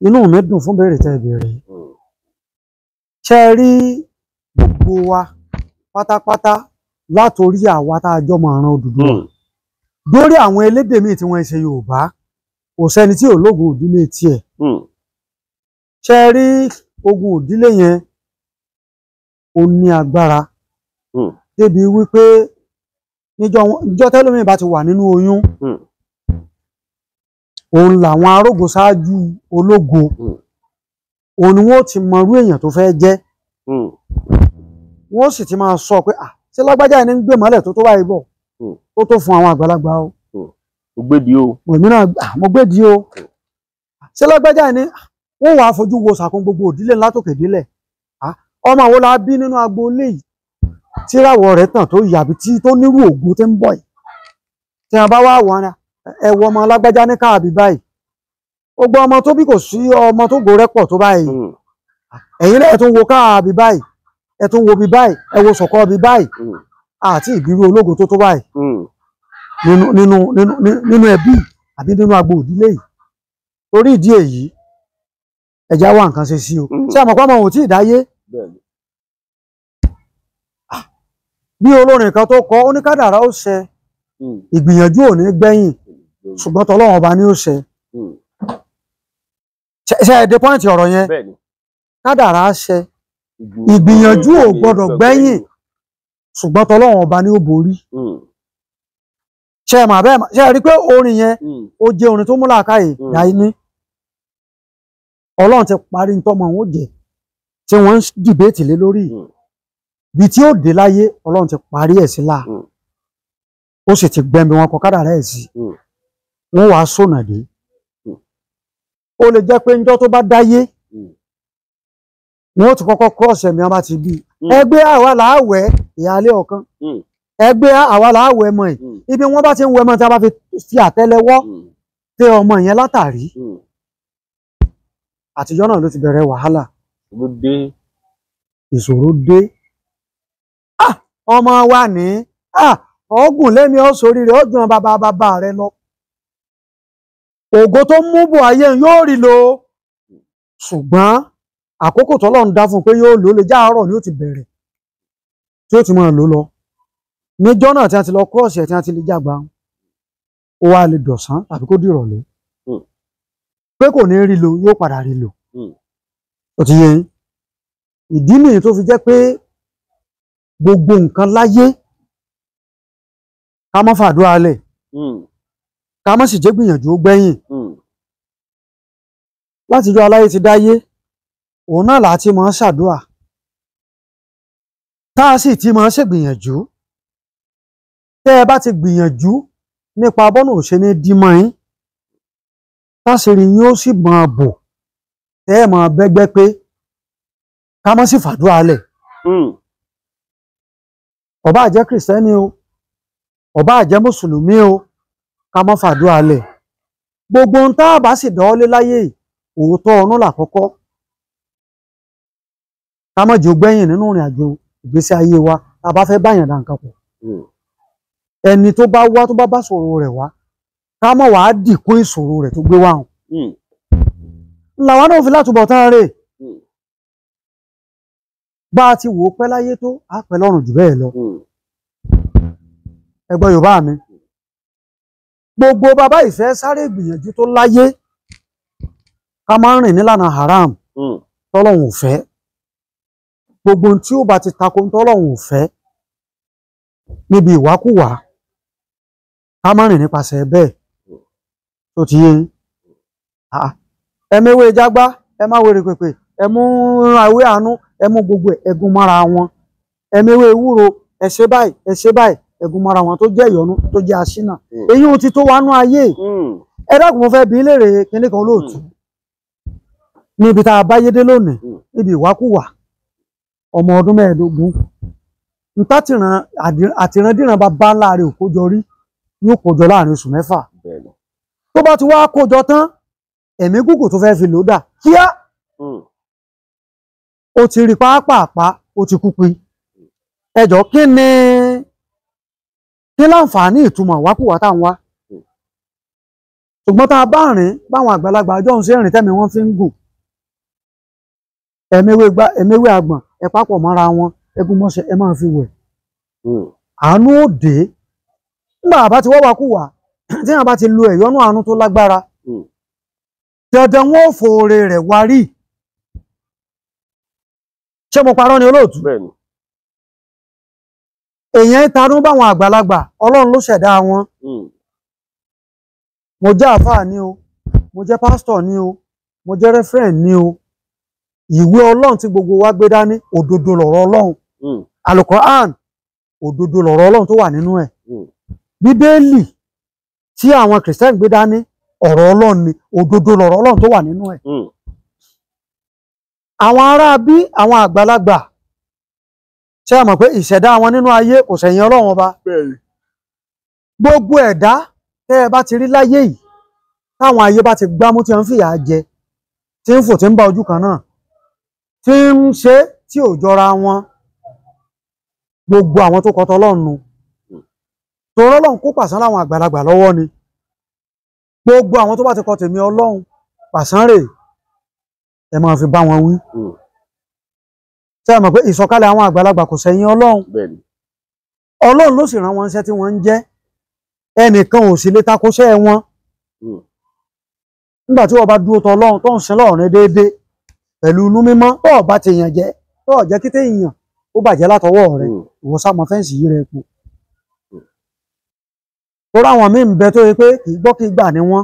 inú mi dùn fún béèrè tẹ́ béèrè ṣe rí gbogbo wa pátápátá látòrí àwa tá a jọ mọ àrùn Odùduwà dórí hmm. àwọn elédè míì tí wọ́n ṣe Yorùbá kò sẹ́ni tí ológun òdílé tiẹ̀ hmm. ṣe rí ogun òdílé yẹn ó ní agbára hmm. débi wípé níjọ tẹ́lómi bá ti wà nínú oyún hmm. òun làwọn arógo ṣáájú ológo hmm. òun ni wọ́n ti mọrú èèyàn tó fẹ́ jẹ́ hmm. wọ́n sì ti máa sọ pé ah ṣé lágbájá ẹni ń gbé mọ́lẹ̀ tó tó báyìí bọ̀ tó tó fún àwọn àgbàlagbà o. mo gbèdì o. èmi náà mo gbèdì o. ṣé lágbájá ẹni wọ́n wàá fojú wo sàkún gbogbo òdílé látòkè délẹ̀ ọmọ wo la bí nínú agboolé yìí tíràwọ̀ rẹ̀ tàn tó yàbí tí tó nírú ògùn tí ń bọ̀ yìí tí wọn bá wá wọn ẹwọ ọmọ alágbájá ní káàbí báyìí gbogbo ọmọ tó bí kò sí ọmọ tó gòrẹ́ pọ̀ tó báyìí hmm. ẹ̀yin náà ẹ wo káàbí báyìí ẹ tún wo bí báyìí ẹ wo sọ̀kọ́ bí báyìí hmm. àti ìbírú ológun tó tó báyìí hmm. nínú nínú ẹbí àbí nínú agbo òdílé yìí torí ìdí èyí ẹjá wà nǹkan ṣe sí o ṣé àmọ́ òun tí ì dáyé bí olórin kan tó kọ ó ní kádàrá ó ṣe hmm. ìgbìyànjú ò ní gbẹ̀yìn hmm. ṣùgbọ́n tọ́lọ́run ọba ni ó ṣe hmm. ṣe ẹ̀dẹ́ pọ́ìntì ọ̀rọ̀ yẹn kádàrá ṣe ìgbìyànjú ò gbọ́dọ̀ gbẹ̀yìn ṣùgbọ́n tọ́lọ́run ọba ni ó borí ṣe mà bẹ́ẹ̀ ṣe rí pé orin yẹn ó jẹ́ orin tó múlá káyè dáì ní ọlọ́run ti parí ní òun ó jẹ tí wọ́n ń dìbéètì lé lórí yìí bí tí ó dé láyé ọlọ́run ti parí ẹ̀ sí láà mm. ó sì ti gbẹ̀mí wọn kọ̀kadà rẹ̀ sí mm. wọn wàá sọ̀nà dé mm. ó lè jẹ́ pé njọ́ tó bá dáyé wọn ó ti kọ́kọ́ cross ẹ̀mí wọn bá ti bí ẹgbẹ́ àwa làáwẹ̀ ìyáálé ọ̀kan ẹgbẹ́ àwa làáwẹ̀ ẹmọ ẹ̀ ibi wọn bá ti ń wọ ẹmọ tí a bá fi fi àtẹ́lẹwọ́ tẹ ọmọ yẹn látàrí àtijọ́ náà ló ti bẹ̀rẹ̀ wàhálà ìṣòro dé ọmọ wa ní ọgùn lémi ọsọríire ọgbọn bàbá bàbá rẹ lọ ògo tó mú bò ayé yóò rí lo ṣùgbọ́n àkókò tọ́lọ́run dá fún un pé yóò lò ó lè jáàárọ̀ ni ó ti bẹ̀rẹ̀ tí ó ti máa lò lọ níjọ́ náà tí a ti lọ kúrọ̀sì ẹ̀ tí a ti lè jàgbá ó wá lè dọ̀sán tàbí kó dìrọ̀lẹ́ hmm. pé kò ní rí lo yóò padà rí lo hmm. ó ti yẹ yín ìdí nìyí tó fi jẹ́ pé gbogbo nǹkan láyé ká má fàdúrà lẹ̀ hmm. ká má sì jẹ́ gbìyànjú ó gbẹ̀yìn hmm. láti jọ aláyé ti dáyé òun náà làá ti máa ṣàdúrà tá a sì ti máa ṣègbìyànjú tẹ́ ẹ bá ti gbìyànjú nípa bọ́nà òṣè ní dímọ̀ yín táṣìírí yín ó sì máa bò tẹ́ ẹ máa bẹ́gbẹ́ pé ká má sì fàdúrà lẹ̀. Hmm ọba àjẹ́ kìrìsìtẹ́nì o ọba àjẹ́ mùsùlùmí o ká mọ́ fàdúrà lẹ̀ gbogbo ohun tá a bá sì dánwọ́lé láyé òótọ́ ọ̀run làkọ́kọ́ ká mọ̀ jò gbẹ̀yìn nínú ìrìn àjò ìgbésí ayé wa tá a bá fẹ́ báyàn dá nǹkan pọ̀ hmm. ẹni tó bá wá tó bá bá sọ̀rọ̀ rẹ̀ wá ká mọ̀ wàá dìkún ìṣòro rẹ̀ tó gbé wá hàn hmm. làwọn náà fi látúbọ̀ tán rèé bá a ti wò ó pẹ́ láyé tó á pẹ́ lọ́rùn jù bẹ́ẹ̀ lọ mi gbogbo bàbá ìfẹ́ sáré gbìyànjú tó láyé ká máa ń rìn nílànà haram tọ́lọ́hún ò gbogbo tí ó bá ti tako tọ́lọ́hún ò fẹ́ níbi ìwákùwà ká máa rìn nípasẹ̀ bẹ́ẹ̀ tó ti yé Emewi jágbá ẹ má ẹ mú ewé àánú ẹ mú gbogbo ẹ̀ ẹ̀gún mọ́ra wọn ẹ̀mí ewé ewúro ẹ ṣe báyìí ẹ ṣe báyìí ẹ̀gún mọ́ra wọn tó jẹ́ ìyọnu tó jẹ́ aṣínà èyí hmm. ò ti tó wá nú ayé hmm. ẹ dákun mo fẹ́ bi léèrè kinní kan lóòtú hmm. níbi tá a bá yédé lónìí níbi ìwákùwà ọmọ ọdún mẹ́ẹ̀ẹ́dógún nípa tìràn àtìrandíran bàbá láàrin òkójọ rí yóò kójọ láàrin oṣù mẹ́fà tó bá ti wá kójọ tán ẹ̀mí gúgù tó fẹ́ fi lò dà kíá ó ti rí pápápá ó ti kú pin ẹjọ́ kí ni kí láǹfààní ìtumọ̀ wákùwà tá wá ṣùgbọ́n tá a bá rìn báwọn àgbàlagbà ọjọ́ ń ṣe rìn tẹ́mi wọ́n fi ń gùn ẹ̀mẹ́wé àgbọ̀n ẹ papọ̀ mọ́ra wọn ẹgún mọ́ṣẹ́ ẹ máa fi wẹ̀ hmm. àánú ó nígbà bá ti wọ́wà kùwà tí wọ́n bá ti lo ẹ̀yọ́nú àánú tó lágbára hmm. dandan wọn ò fòore rẹ̀ wárí ṣé mo parọ́ ni olóòtú èèyàn ìtanú báwọn àgbàlagbà ọlọ́run ló ṣẹ̀dá wọn hmm. mo jẹ́ àfáà ni o mo jẹ́ pásítọ̀ ni o mo jẹ́ rẹ́fẹ̀rẹ̀n ni o ìwé ọlọ́run tí gbogbo wa gbé dání òdodo lọ̀rọ̀ ọlọ́run alukoran hmm. òdodo lọ̀rọ̀ ọlọ́run tó wà nínú ẹ̀ hmm. bíbélì tí àwọn kìrìsìtẹ́nì gbé dání ọ̀rọ̀ ọlọ́run ni òdodo lọ̀rọ̀ ọlọ́run tó wà nínú ẹ̀ àwọn ará bí àwọn àgbàlagbà ṣe mọ̀ pé ìṣẹ̀dá wọn nínú ayé kò sẹ̀yìn ọlọ́run ọba gbogbo ẹ̀dá tẹ́ ẹ bá ti rí láyé yìí táwọn ayé bá ti gbámú tí wọ́n fìyà jẹ tí ń fò tí ń bá ojú kan náà tí ń ṣe tí ò jọra wọn gbogbo àwọn tó kọtọ ọlọ́run nu torí ọlọ́run kó pàṣán láwọn àgbàlagbà lọ́wọ́ ni gbogbo àwọn tó bá ti kọ tèmi ọlọ́run pàṣán rèé ẹ máa fi bá wọn wí hmm. ṣé ẹ mọ̀ pé ìsọ̀kalẹ̀ àwọn àgbàlagbà kò sẹ́yìn ọlọ́run ọlọ́run ló sì rán wọn iṣẹ́ tí wọ́n ń jẹ́ ẹnìkan ò sì lè takóṣẹ́ wọn hmm. nígbà tí wọ́n bá dúró tọ ọlọ́run tó ń sin lọ́rùn déédéé pẹ̀lú inú mímọ́ tó ọ̀bá ti yàn jẹ́ tó ọ̀jẹ́ kí téèyàn ó bàjẹ́ látọwọ́ rẹ hmm. ìwọ sá fẹ́ǹsì yìí rẹ po tó ráwọn míì ń bẹ tó yẹ pé kì í gbọ́ kì gbà ní wọn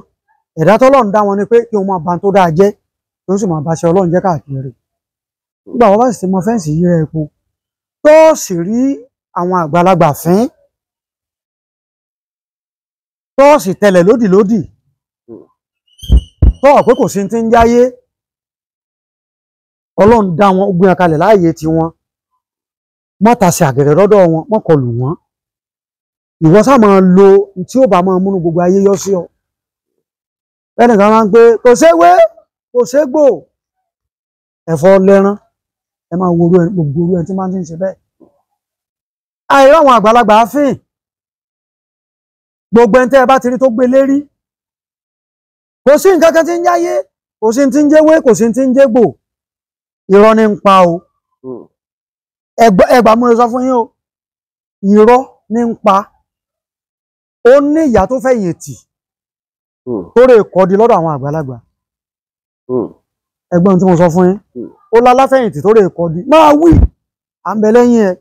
ẹ̀dá tọ́lọ́run dá wọn ni pé kí wọ́n máa ba tó dáa jẹ́ tó sì máa báṣẹ ọlọ́run jẹ́ káàkiri nígbà wọ́n bá sì ti mọ fẹ́ǹsì yíra epo tó sì rí àwọn àgbàlagbà fín tó sì tẹlẹ̀ lódìlódì tó ọ̀pẹ́ kò sí ti ń jáyé ọlọ́run dá wọn gbìn kalẹ̀ láàyè tiwọn mọ́ tasí àgẹ̀rẹ̀ lọ́dọ̀ wọn mọ́ wọn ìwọ sá máa lo tí ó bá máa múnú gbogbo ayé yọ sí ọ ẹnìkan máa ń pé kò séwé kò ségbò ẹ̀fọ́ lẹ́rán ẹ máa wo gbogbo orú ẹ tí máa ń ṣe bẹ́ẹ̀ àìrá àwọn àgbàlagbà fìn gbogbo ẹni tẹ́ ẹ bá ti rí tó gbé lérí kò sí nǹkan kan tí ń yáyé kò sí ti ń jẹ́wé kò sí ti ń jẹ́gbò irọ́ ní ń pa o hmm. ẹgbà mo sọ fún yín o irọ́ ní ń pa ó ní ìyá tó fẹ̀yìn tì hmm. tó rè kọ́ di lọ́dọ̀ àwọn àgbàlagbà Hmm. ẹ̀gbọ́n tí mo sọ fún yín hmm. ó láláfẹ̀yìntì tó rè kọdí máa wí à ń bẹ lẹ́yìn ẹ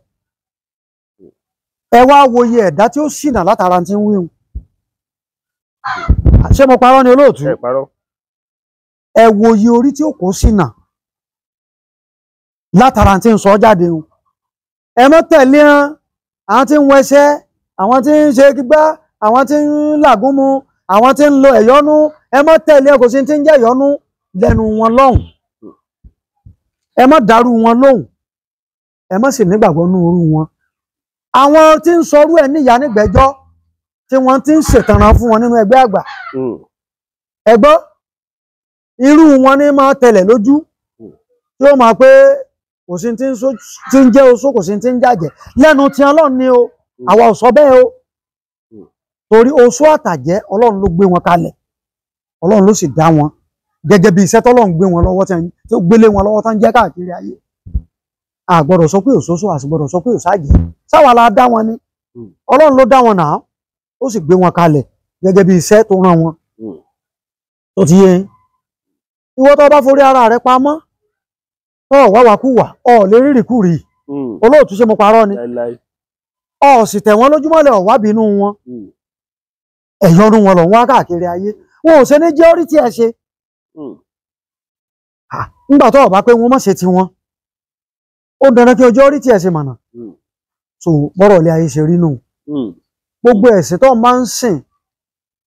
ẹ wá wòye ẹ̀dá tí ó ṣìnà látara tí ń wíhun hmm. ṣé mo parọ́ ni olóòtú ẹ wòye orí tí ó kó ṣìnà látara tí ń sọ jáde hun ẹ mọ́ tẹ̀lé hàn àwọn tí ń wẹṣẹ́ àwọn tí ń ṣe gbígbá àwọn tí ń làgúnmu àwọn tí ń lo ẹ̀yọ́nú ẹ mọ́ tẹ̀lé kò sí ti ń jẹ́ ẹ̀yọ́nú lẹ́nu wọn lọ́hùn ẹ má dàrú wọn lóhùn ẹ má sì nígbàgbọ́ nú irú wọn àwọn tí ń sọrú ẹ níyà nígbẹ́jọ́ tí wọ́n ti ń ṣètànràn fún wọn nínú ẹgbẹ́ àgbà hmm. ẹgbọ́ irú wọn ní máa tẹlẹ̀ lójú tí ó máa pé kò sí tí ń jẹ́ oṣó kò sí tí ń jàjẹ́ lẹ́nu tí ọlọ́run ni o hmm. àwa ò sọ bẹ́ẹ̀ o hmm. torí oṣó àtàjẹ́ ọlọ́run ló gbé wọn kalẹ̀ ọlọ́run ló sì dá wọn gẹ́gẹ́ bí iṣẹ́ tọ́lọ̀ ń gbé wọn lọ́wọ́ tó gbélé wọn lọ́wọ́ tó ń jẹ́ káàkiri ayé àgbọ̀dọ̀ sọ pé òṣóṣó àṣìgbọ̀dọ̀ sọ pé òṣáàjì sáwà la dá wọn ni hmm. ọlọ́run ló dá wọn náà ó sì gbé wọn kalẹ̀ gẹ́gẹ́ bí iṣẹ́ tó rán wọn hmm. tó ti yé ìwọ tó bá forí ara rẹ pamọ́ tó wáwakúwà ọ̀ lè rírì kúrì hmm. olóòtú ṣe mo parọ́ ni ọ̀ sì tẹ̀ wọ́n lójúmọ́lẹ̀ ọ̀wábì inú wọn ẹ̀yọ́rú wọn lọ́wọ́ káàkiri ayé wọn ò ṣe ní jẹ́ orí tí ẹ ṣe Hmm. nígbà tó bá pé wọn má ṣe ti wọn ó dandan kí ọjọ́ orí tiẹ̀ ṣe mọ̀nà hmm. so bọ́rọ̀ ilé ayé ṣe rí nù hmm. gbogbo ẹ̀sìn tó máa ń sìn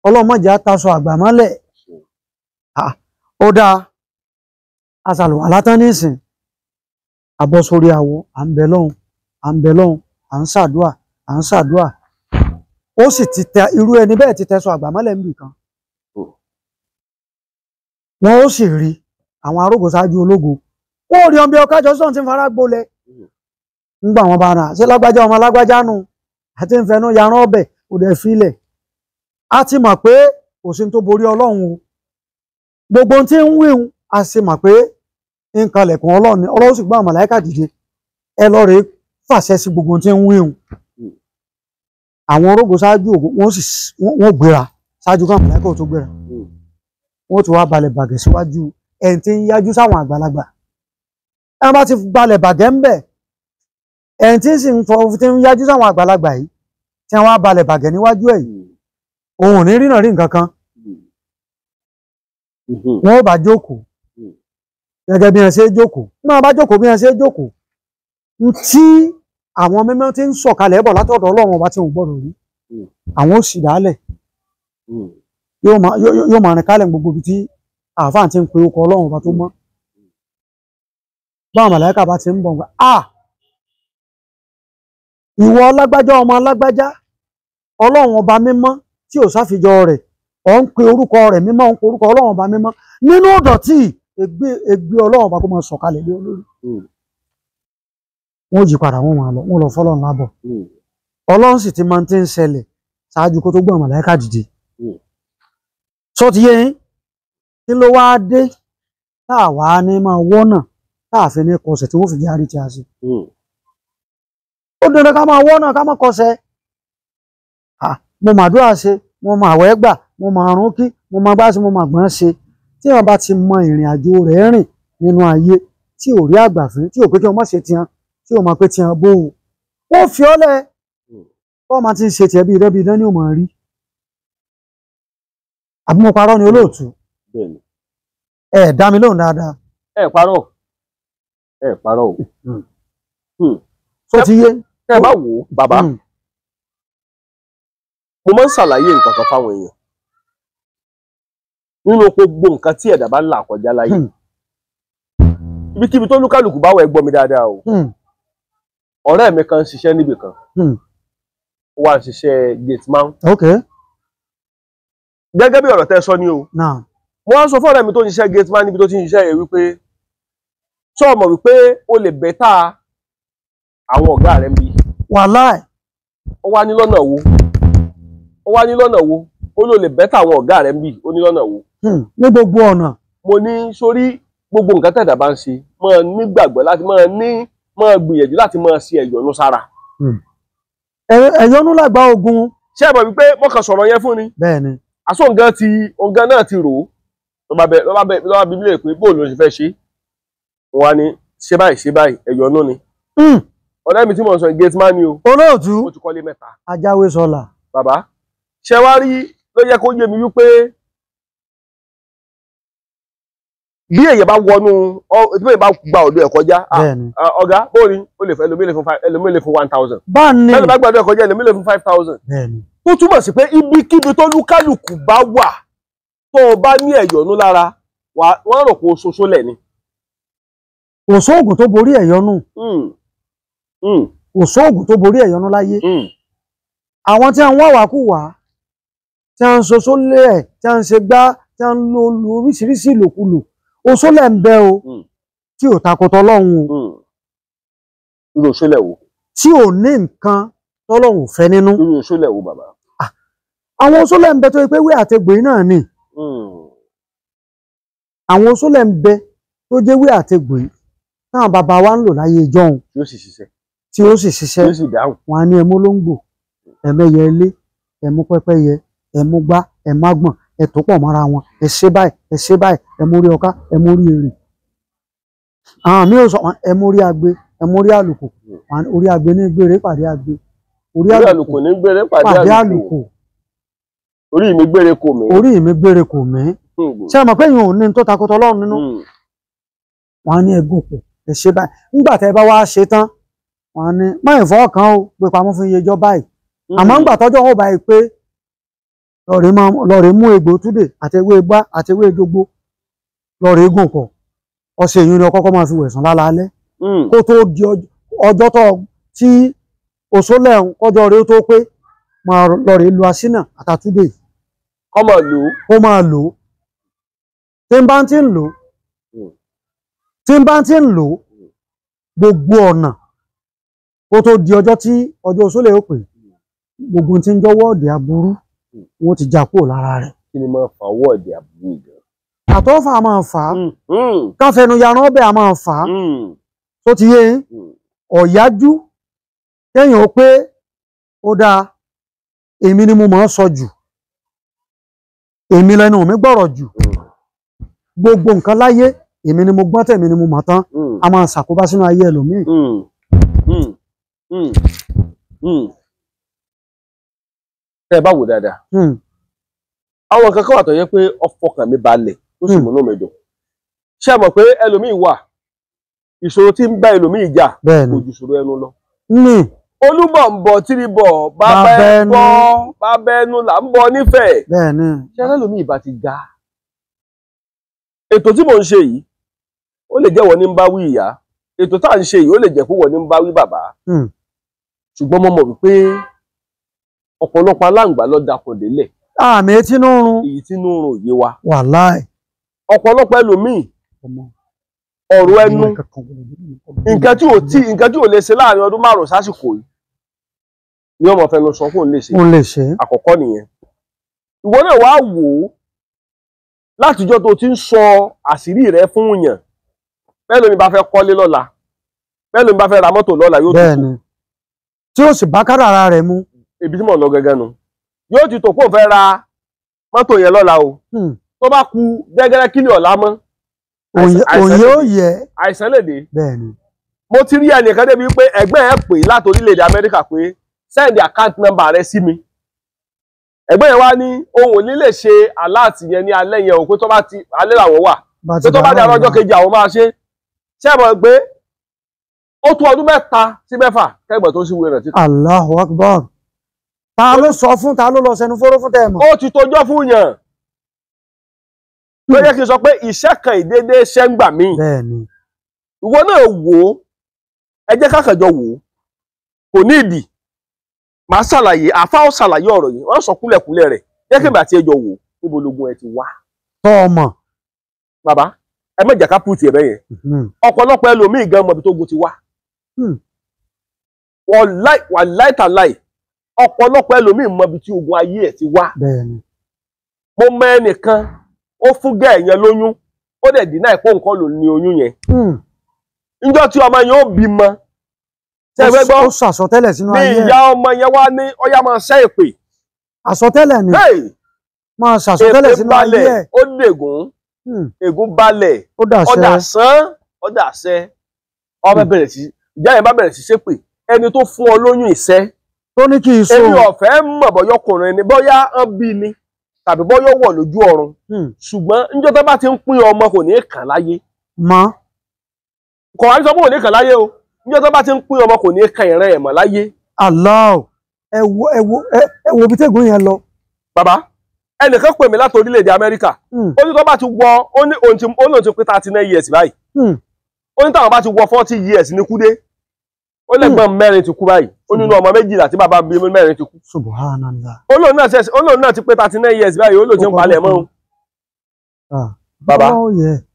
ọlọ́mọjà taṣọ àgbà ó dáa asàlùwà látán nísìn àbọ̀ sórí àwo à ń bẹ lọ́hùn à ń bẹ lọ́hùn à ń ṣàdúà à ń ṣàdúà ó sì ti tẹ irú ẹni bẹ́ẹ̀ ti tẹsọ àgbà níbì kan wọn ó sì rí àwọn arógo ṣáájú ológo wọn ò rí ọmọ ọkájọ sọ̀n ti ń fara gbolẹ̀ wọn bá ra ṣé lágbájá ọmọ lágbájá nù àti ń fẹnu yaran ọbẹ̀ kò dẹ̀ a ti pé kò sí tó borí ọlọ́run o gbogbo tí ń wíhun a sì mọ̀ pé nǹkan ni sì dìde ẹ lọ sí gbogbo tí ń wọ́n ti wá balẹ̀ bàgẹ́ síwájú ẹni tí ń yájú sáwọn àgbàlagbà ẹni bá ti balẹ̀ bàgẹ́ ń bẹ̀ ẹni tí sì ń fọ ti ń yájú sáwọn àgbàlagbà yìí tí wọ́n á balẹ̀ bàgẹ́ níwájú ẹ̀ òun ò ní rìnà rí nǹkan kan wọn ò bá jókòó gẹ́gẹ́ bí wọ́n ṣe jókòó náà bá jókòó bí wọ́n ṣe jókòó tí àwọn mímọ́ ti ń sọ̀kalẹ̀ bọ̀ látọ̀dọ̀ Ọlọ́run ọba tí wọ́n gbọ́dọ̀ rí àwọn ò sì dálẹ̀ yóò máa rìn kálẹ̀ gbogbo ibi tí àáfàá ti ń pe orúkọ ọlọ́run ọba tó mọ́ báwọn màláíkà bá ti ń bọ̀ nǹkan à ìwọ lágbájá ọmọ lágbájá ọlọ́run ọba mímọ́ tí ò sáfijọ rẹ̀ ọ̀ ń pe orúkọ rẹ̀ mímọ́ ń pe orúkọ ọlọ́run ọba mímọ́ nínú ìdọ̀tí ègbé ègbé ọlọ́run ọba kó máa sọ̀kalẹ̀ lé olórí hmm. wọn ò jí padà wọn máa lọ wọn lọ fọlọ́run lábọ̀ hmm. ọlọ́run sì ti máa ti ń ṣẹlẹ̀ ṣáájú kó tó gbọ́n màláíkà dìde sọ ti yé yín kí ló wáá dé tá a wàá ní máa wọ́nà tá a fi ní kọsẹ̀ tí wọ́n fi járe tí a ṣe. ó dandan ká máa wọ́nà ká máa kọsẹ̀ mo màdúrà ṣe mo mà wẹ́ gbà mo mà rún kí mo mà gbá sí mo mà gbọ́n ṣe tí wọn bá ti mọ ìrìn àjò rẹ̀ rìn nínú ayé tí ò rí àgbàfín tí ò pé kí wọn má ṣe tiẹn tí ò mọ pé tiẹn bóun ó fi ọ́ lẹ̀ hmm. bọ́ọ̀ máa ti ń ṣe tiẹ̀ bí idán bí ni ò mọ̀ rí àbí mo parọ́ ni olóòtú ẹ dá mi lóhùn dáadáa. ẹ parọ́ ẹ parọ́ o. tó hmm. hmm. ti yé. ẹ bá wò ó bàbá hmm. mo máa ń ṣàlàyé nǹkan kan fáwọn èèyàn nínú gbogbo nǹkan tí ẹ̀dá bá ń là kọjá láyé ibikíbi tó lúkàlùkù bá wọ ẹ gbọ́ mi dáadáa o ọ̀rẹ́ mi kan ń ṣiṣẹ́ níbì kan wà ń ṣiṣẹ́ gate man. Okay gẹ́gẹ́ bí ọ̀rọ̀ tẹ́ sọ ni o wọ́n sọ fọ́ọ̀rẹ́ mi tó ń ṣiṣẹ́ gate man níbi tó ti ń ṣiṣẹ́ yẹn wípé sọ ọmọ wípé o lè bẹ́tà àwọn ọ̀gá rẹ̀ ń bi. wàláì. ó wá ní lọ́nà wo ó wá ní lọ́nà wo ó ló lè bẹ́tà àwọn ọ̀gá rẹ̀ ń bi ó ní lọ́nà wo. Hmm, ní gbogbo ọ̀nà. mo ní sórí gbogbo nǹkan tẹ̀dá bá ń ṣe máa nígbàgbọ́ láti máa ní máa gbìyànjú láti máa ṣe ẹ̀yọ́nú sára. Hmm. ẹ̀yọ́nú làgbà ogun. ṣé ẹ mọ̀ wípé mo kàn sọ̀rọ̀ yẹn fún ni. bẹ́ẹ̀ àsọ nǹkan ti nǹkan náà ti rò ó ló bá bẹ ló bá bẹ ló bá bíbélì pé bóòlù ló ṣe fẹ́ ṣe wọn wá ní ṣe báyìí ṣe báyìí ẹ̀yọ́ nú ni hmm! ọ̀rẹ́ mi tí mo sọ gate man ni o olóòtú mo ti kọ́lé mẹ́ta ajáwé sọlá bàbá ṣe wá rí ló yẹ kó yé mi wípé bí èyàn bá wọnú tí èyàn bá gba ọ̀dọ̀ ẹ̀ kọjá ah, ah, ọ̀gá bóòlù ó lè fún ẹlòmílẹ̀ fún one thousand báà ní ẹlòmílẹ̀ bá gba ọ̀dọ̀ ẹ̀ kọjá ẹlòmílẹ̀ fún five thousand tó túmọ̀ sí pé ibikíbi tó lúkálùkù bá wà tó o bá ní ẹ̀yọ̀nú lára wọ́n rò kó ṣoṣo lẹ̀ ni. kò sóògùn tó borí ẹ̀yọ̀nú hmm. Hmm. kò sóògùn tó borí ẹ̀yọ̀nú láyé hmm. àwọn tí a ń wá wàkúwà tí a ń ṣoṣo lẹ̀ tí a ń ṣe gbá tí a ń lo oríṣiríṣi ìlòkulò oṣó lẹ̀ ń bẹ o tí ò takọtọ lọ́hùn o. irú oṣó lẹ̀ wo. tí ò ní nǹkan tọ́lọ́hùn fẹ́ nínú. irú oṣó wo bàbá àwọn sólẹ̀ ń bẹ tó yẹ pé wé àtẹgbò yìí náà ni àwọn sólẹ̀ ń bẹ tó jẹ́ wé àtẹgbò yìí táwọn bàbá wa ń lò láyé ìjọun tí ó sì ṣiṣẹ́ tí ó sì ṣiṣẹ́ wọn á ní ẹmú lóńgbò ẹmẹyẹ ilé ẹmú pẹ́pẹ́yẹ ẹmú gbá ẹmágbọ̀n ẹtò pọ̀ mọ́ra wọn ẹ báyìí ẹ báyìí ẹmú rí ọká ẹmú rí èrè àwọn mi ò sọ wọn ẹmú rí agbe ẹmú rí àlùkò orí agbe ní gbére pàdé agbe orí àlùkò ní gbére pàdé àlùkò. orí mi gbére kò mí orí mi gbére kò mí hmm. ṣe mọ̀ pé yìí ò ní tó ọlọ́run nínú hmm. wọn á ní ẹgbùn ẹ ṣe báyìí nígbà bá wá ṣe tán wọn á ní má ìfọwọ́ kan fún iye báyìí hmm. nígbà báyìí pé mú egbò túdè àtẹwé gbá àtẹwé gbogbo gùn pọ̀ ọ̀sẹ̀ yìí ni fi lọ lọ́ọ̀rẹ́ lu aṣínà àtàtúndé kọmọ lò ó kó máa lò ó tí n bá ti ń lò hmm. tí n hmm. gbogbo tó di ọjọ́ ti lè pè gbogbo tí ń jọ wọ́ọ̀dì aburu. Hmm. wọn ti já kúrò lára rẹ̀. ma ni fa wọ́ọ̀dì aburú gan. a ma ti pé èmi ni mo máa ń sọ jù èmi lẹnu mi gbọ́rọ̀ jù hmm. gbogbo nǹkan láyé èmi ni mo gbọ́ tèmi ni mo mọ̀ tán hmm. a máa ṣàkóbá sínú ayé ẹlòmíì. Hmm. tẹ́ ẹ bá wò dáadáa àwọn kankan wà tó yẹ pé ọfọkàn mi balẹ̀ tó sì múnú mi dùn ṣé ẹ mọ̀ pé ẹlòmíì wà ìṣòro tí ń bá ẹlòmíì jà kò ju ìṣòro ẹnu lọ. olúmọ̀ ń bọ̀ tìrìbọ̀ bàbá ẹ bọ́ bàbá ẹnu là ń bọ̀ nífẹ̀ẹ́ bẹ́ẹ̀ni ṣé ẹlẹ́lòmíì bá ti ga ètò tí mò ń ṣe yìí ó lè jẹ́ wọ́n ní ń bá wí ìyá ètò tá à ń ṣe yìí ó lè jẹ́ pé wọ́n ní ń bá wí bàbá hmm. ṣùgbọ́n mo mọ̀ wípé ọ̀pọ̀lọpọ̀ aláǹgbá ló dakùn délẹ̀ àmì etí nínú èyí tí nínú òye wa wàláì ọ̀pọ̀lọpọ̀ ẹlòmíì ọ̀rọ̀ ẹnu nǹkan tí ò tí nǹkan tí ò lè ṣe láàrin ọdún márùn sásìkò yìí ni ọmọ fẹnu sọ fún òun lè ṣe àkọ́kọ́ nìyẹn ìwọ náà wàá wò ó látijọ́ tó ti ń sọ àṣírí rẹ fún yàn bẹ́ẹ̀ lómi bá fẹ́ kọ́lé lọ́la bẹ́ẹ̀ lómi bá fẹ́ ra mọ́tò lọ́la yóò ti kú tí ó sì bá kádàrá rẹ̀ mu. ibi tí mò ń lọ gẹ́gẹ́ nu yóò ti tò kó fẹ́ ra mọ́tò yẹn lọ́la o hmm. tó bá ku gẹ́gẹ́rẹ́ kílì ọ̀la mọ́ òye ó yẹ àìsàn lè dé bẹ́ẹ̀ni mo ti rí ẹnìkan débi pé ẹgbẹ́ ẹ pè láti orílẹ̀-èdè amẹ́ríkà pé send account number rẹ sí mi ẹgbẹ́ yẹn wá ní ohun òní lè ṣe aláàtì yẹn ní alẹ́ yẹn o pé tó bá ti alẹ́ làwọn wà pé tó bá di ọjọ́ kejì àwọn máa ṣe ṣé ẹ mọ̀ pé ó tó ọdún mẹ́ta sí mẹ́fà kẹ́gbọ̀n tó sì wúre rẹ̀ títà. Allahu Akbar ta ló sọ fún ta ló lọ sẹnu fóró fún tẹ́ ẹ mọ̀. ó ti tojọ́ fún yàn. tó yẹ hmm. kí n sọ pé iṣẹ́ kan ìdédé iṣẹ́ ń gbà míì ìwọ náà wò ó ẹ jẹ́ kákàjọ wò ó kò ní ìdì màá ṣàlàyé àfa ó ṣàlàyé ọ̀rọ̀ yìí wọ́n sọ kúlẹ̀kúlẹ̀ rẹ̀ jẹ́ kí n bá ti ẹjọ́ wò ó níbo logun ẹ ti wá. tọ́ ọmọ. Hmm. ti wá. Hmm. wà ọ̀pọ̀lọpọ̀ ẹlòmíì mọ̀bi tí ogun ayé ti wá. mo mọ ẹnìkan ó fún gẹ́ẹ̀ yẹn lóyún ó dẹ̀ dínà ìpó nǹkan ló ní oyún yẹn hmm. njọ́ tí ọmọ yẹn ó bímọ tẹ́gbẹ́ ó sọ àsọtẹ́lẹ̀ sínú ayé ẹ̀ ní ìyá ọmọ yẹn wá ní ọyá máa ṣẹ́ ìpè àsọtẹ́lẹ̀ ni máa ṣàsọtẹ́lẹ̀ sínú ayé ẹ̀ ó dègún hmm. ègún balẹ̀ ó dà sán ó dà sẹ́ ọmọ bẹ̀rẹ̀ sí ìyá yẹn bá bẹ̀rẹ̀ sí ṣépè ẹni tó fún ọ lóyún ìṣẹ́ tó ní kí n so èmi ọ̀fẹ́ mọ̀ bọ́yọ́kùnrin ni bọ́yá ń bí ni tàbí bọ́ yóò wọ̀ lójú ọ̀run hmm. ṣùgbọ́n níjọ́ tó bá ti ń pín ọmọ kò ní kàn láyé. mọ. kò wá ní sọ pé kò ní kàn láyé o níjọ́ tó bá ti ń pín ọmọ kò ní kàn ìran ẹ̀mọ́ láyé. Allah ẹ wo ẹ wo ẹ wo bí tẹ́gùn yẹn lọ. bàbá ẹnìkan pè mí láti orílẹ̀-èdè Amẹ́ríkà hmm. ó ní tó bá ti wọ ó ní òun ti pé thirty nine years báyìí hmm. ó ní táwọn bá ti wọ forty years ní kúdé ó lẹ́gbọ̀n hmm. mẹ́rin ti kú báyìí ó nínú hmm. ọmọ méjìlá tí bàbá bí mẹ́rin ti kú. olóòrùn náà ti pé thirty nine years báyìí olóòrùn ti ń palẹ̀ mọ́ òun. Ah. bàbá oh,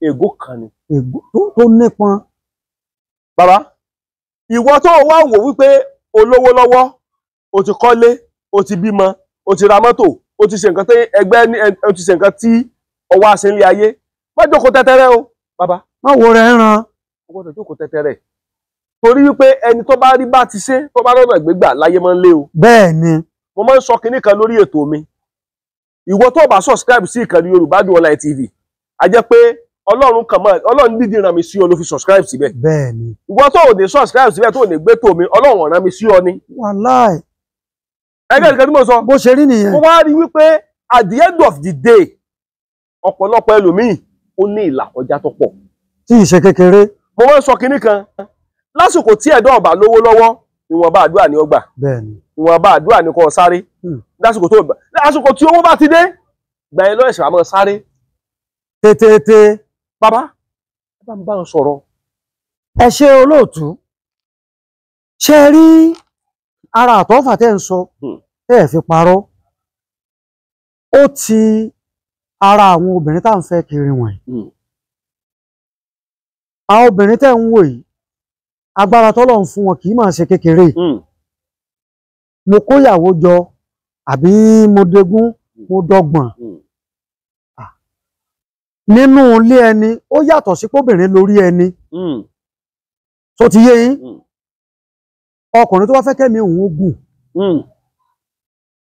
ègó kan ni. ègó tó nípọn. Baba. ìwọ tó wá wò wípé olówó lọ́wọ́ o ti kọ́lé o ti bímọ o ti ra mọ́tò o ti ṣe nǹkan tí ẹgbẹ́ o ti ṣe nǹkan tí ọwọ́ àṣẹ ń lé ayé má jókòó tẹ́tẹ́rẹ́ o Baba. má wo rẹ̀ ń ran. o gbọ́dọ̀ jókòó tẹ́tẹ́rẹ́ torí wípé ẹni tó bá rí bá ti ṣe tó bá rọ̀nà gbégbà láyé máa ń lé o. bẹ́ẹ̀ ni. mo máa ń sọ kinní kan lórí ètò mi ìwọ tó bá subscribe sí ìkànnì Yorùbá Dùn Online TV a jẹ́ pé Ọlọ́run kan máa Ọlọ́run dídì ràn mí sí ọ ló fi subscribe síbẹ̀. bẹ́ẹ̀ ni. ìwọ tó ò ní subscribe síbẹ̀ tó ò ní gbé tòmí Ọlọ́run ràn mí sí ọ ni. wàláì. ẹgbẹ́ ìkan tí mo sọ. bó ṣe rí nìyẹn. mo wá rí wípé at the end of the day ọ̀pọ̀lọpọ̀ ẹlòmíì ó ní ìlàkọjá tó pọ̀. tí ì ṣe kékeré. mo máa ń sọ kinní kan lásìkò tí ẹ̀dọ́ ọ̀bà lówó lọ́wọ́ ìwọ̀nba àdúrà ni ó gbà ìwọ̀nba àdúrà ni kò sáré hmm. lásìkò tó lásìkò tí owó bá ti dé gbà yín lọ́ọ̀ṣẹ̀ àmọ́ sáré. tètè bàbá ẹ bá mi bá wọn sọ̀rọ̀. ẹ ṣe olóòtú ṣe rí ara àtọ́fà tẹ́ ń sọ hmm. ẹ fi parọ́ ó ti ara àwọn obìnrin tá à ń fẹ́ kiri wọ̀nyí hmm. àwọn obìnrin tẹ́ ń wò yìí agbára tọ́lọ́run fún wọn kì í máa ṣe kékeré hmm. mo kóyàwó jọ àbí mo dégún hmm. mo dọ́gbọ̀n hmm. ah. nínú ilé ẹni ó yàtọ̀ sí póbìnrin lórí ẹni tó ti yé yín ọkùnrin tó bá fẹ́ kẹ́mi òun ogun